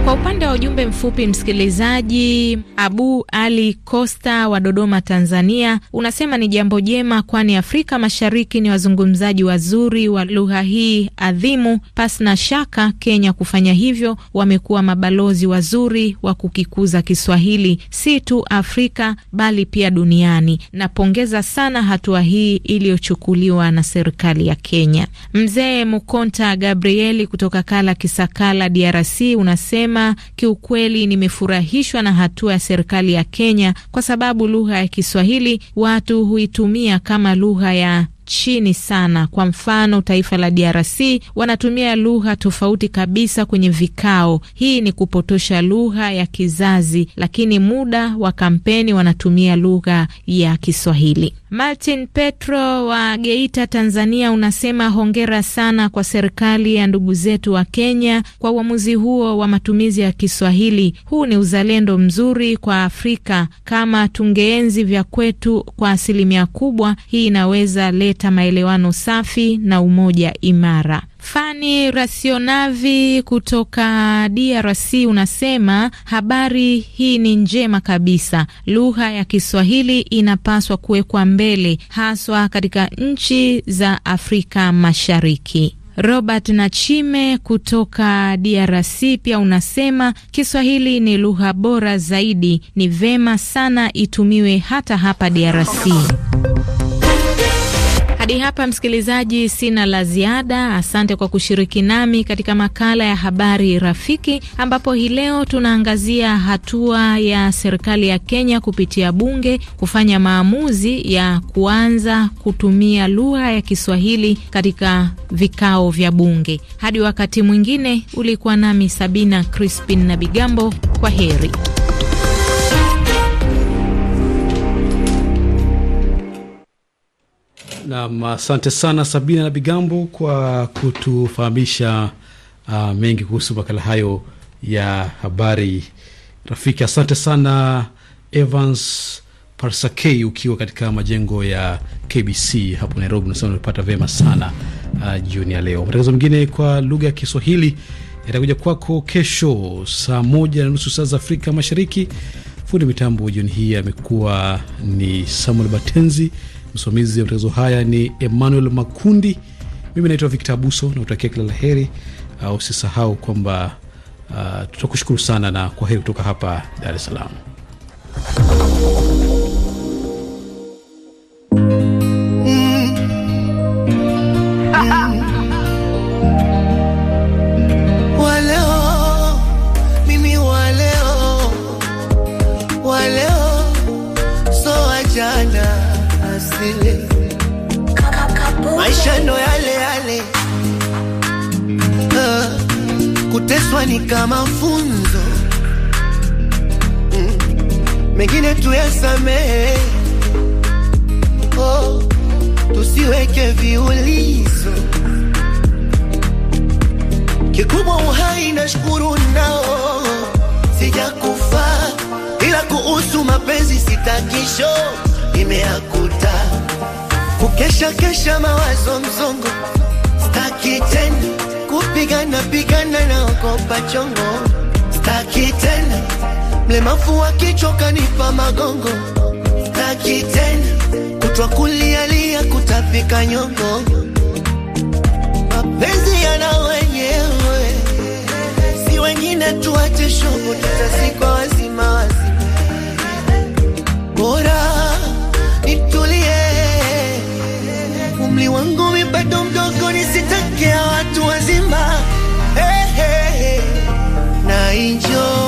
Kwa upande wa ujumbe mfupi msikilizaji, Abu Ali Costa wa Dodoma, Tanzania, unasema ni jambo jema, kwani Afrika Mashariki ni wazungumzaji wazuri wa lugha hii adhimu. na shaka Kenya kufanya hivyo, wamekuwa mabalozi wazuri wa kukikuza Kiswahili si tu Afrika bali pia duniani. Napongeza sana hatua hii iliyochukuliwa na serikali ya Kenya. Mzee Mukonta Gabrieli kutoka Kala Kisakala, DRC, unasema anasema kiukweli, nimefurahishwa na hatua ya serikali ya Kenya kwa sababu lugha ya Kiswahili watu huitumia kama lugha ya chini sana. Kwa mfano, taifa la DRC wanatumia lugha tofauti kabisa kwenye vikao. Hii ni kupotosha lugha ya kizazi, lakini muda wa kampeni wanatumia lugha ya Kiswahili. Martin Petro wa Geita, Tanzania, unasema hongera sana kwa serikali ya ndugu zetu wa Kenya kwa uamuzi huo wa matumizi ya Kiswahili. Huu ni uzalendo mzuri kwa Afrika. Kama tungeenzi vya kwetu kwa asilimia kubwa, hii inaweza leta maelewano safi na umoja imara. Fani Rasionavi kutoka DRC unasema habari hii ni njema kabisa. Lugha ya Kiswahili inapaswa kuwekwa mbele, haswa katika nchi za Afrika Mashariki. Robert Nachime kutoka DRC pia unasema Kiswahili ni lugha bora zaidi, ni vema sana itumiwe hata hapa DRC. Hadi hapa msikilizaji, sina la ziada. Asante kwa kushiriki nami katika makala ya habari rafiki, ambapo hii leo tunaangazia hatua ya serikali ya Kenya kupitia bunge kufanya maamuzi ya kuanza kutumia lugha ya Kiswahili katika vikao vya bunge. Hadi wakati mwingine, ulikuwa nami Sabina Crispin na Bigambo. Kwa heri. Nam, asante sana Sabina na Bigambo kwa kutufahamisha uh, mengi kuhusu makala hayo ya habari rafiki. Asante sana Evans Parsakei ukiwa katika majengo ya KBC hapo Nairobi, nasema umepata vyema sana uh, jioni ya leo. Matangazo mengine kwa lugha ya Kiswahili yatakuja kwako kesho saa moja na nusu saa za Afrika Mashariki. Fundi mitambo jioni hii amekuwa ni Samuel Batenzi. Msimamizi wa matangazo haya ni Emmanuel Makundi. Mimi naitwa Victor Abuso na utakia kila la heri. Uh, usisahau kwamba uh, tutakushukuru sana na kwa heri kutoka hapa Dar es Salaam. yalikuwa ni kama funzo mm. Mengine tuyasamehe, oh, tusiweke viulizo. Kikubwa uhai na shukuru nao, sijakufa ila kuhusu mapenzi sitakisho imeakuta kukesha kesha mawazo mzongo staki tena kupigana pigana na okopa chongo, staki tena, mlemavu akichoka nipa magongo, staki tena, kutwa kulialia kutafika nyongo, mapenzi yana wenyewe, si wengine tuwate shobo, tutasikwa wazima wazima, bora umri wangu mi bado mdogo, nisitakia watu wazima hey, hey, hey. na enjoy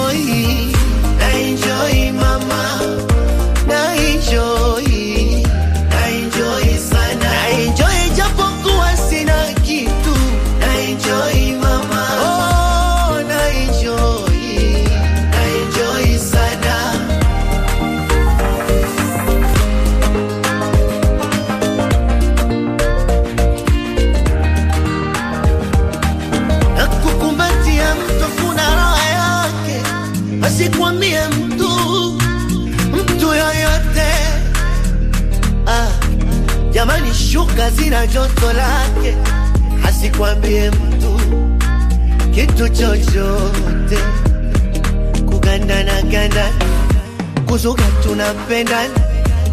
joto lake, asikwambie mtu kitu chochote, kuganda na ganda kuzuga tunapendana,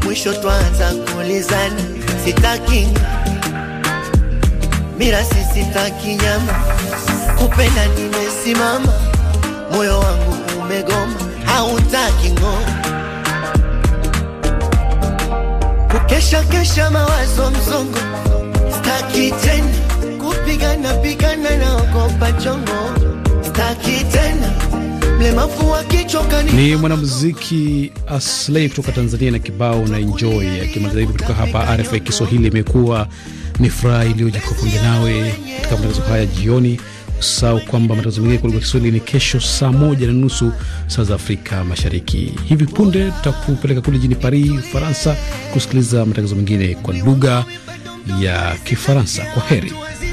mwisho twanza kulizana. Sitaki mirasi, sitaki nyama, kupenda nimesimama, moyo wangu umegoma, hautaki ngo Kesha kesha mawazo mzongo Staki tena kupigana pigana na chongo. Staki tena Ni mwanamuziki Aslay kutoka Tanzania na kibao na enjoy. Akimaliza hivi kutoka hapa RFI Kiswahili, imekuwa ni furaha iliyojikwa pamoja nawe katika matangazo haya jioni. Usahau kwamba matangazo mengine kwa lugha Kiswahili ni kesho saa moja na nusu saa za Afrika Mashariki. Hivi punde tutakupeleka kule jijini Paris, Ufaransa, kusikiliza matangazo mengine kwa lugha ya Kifaransa. Kwa heri.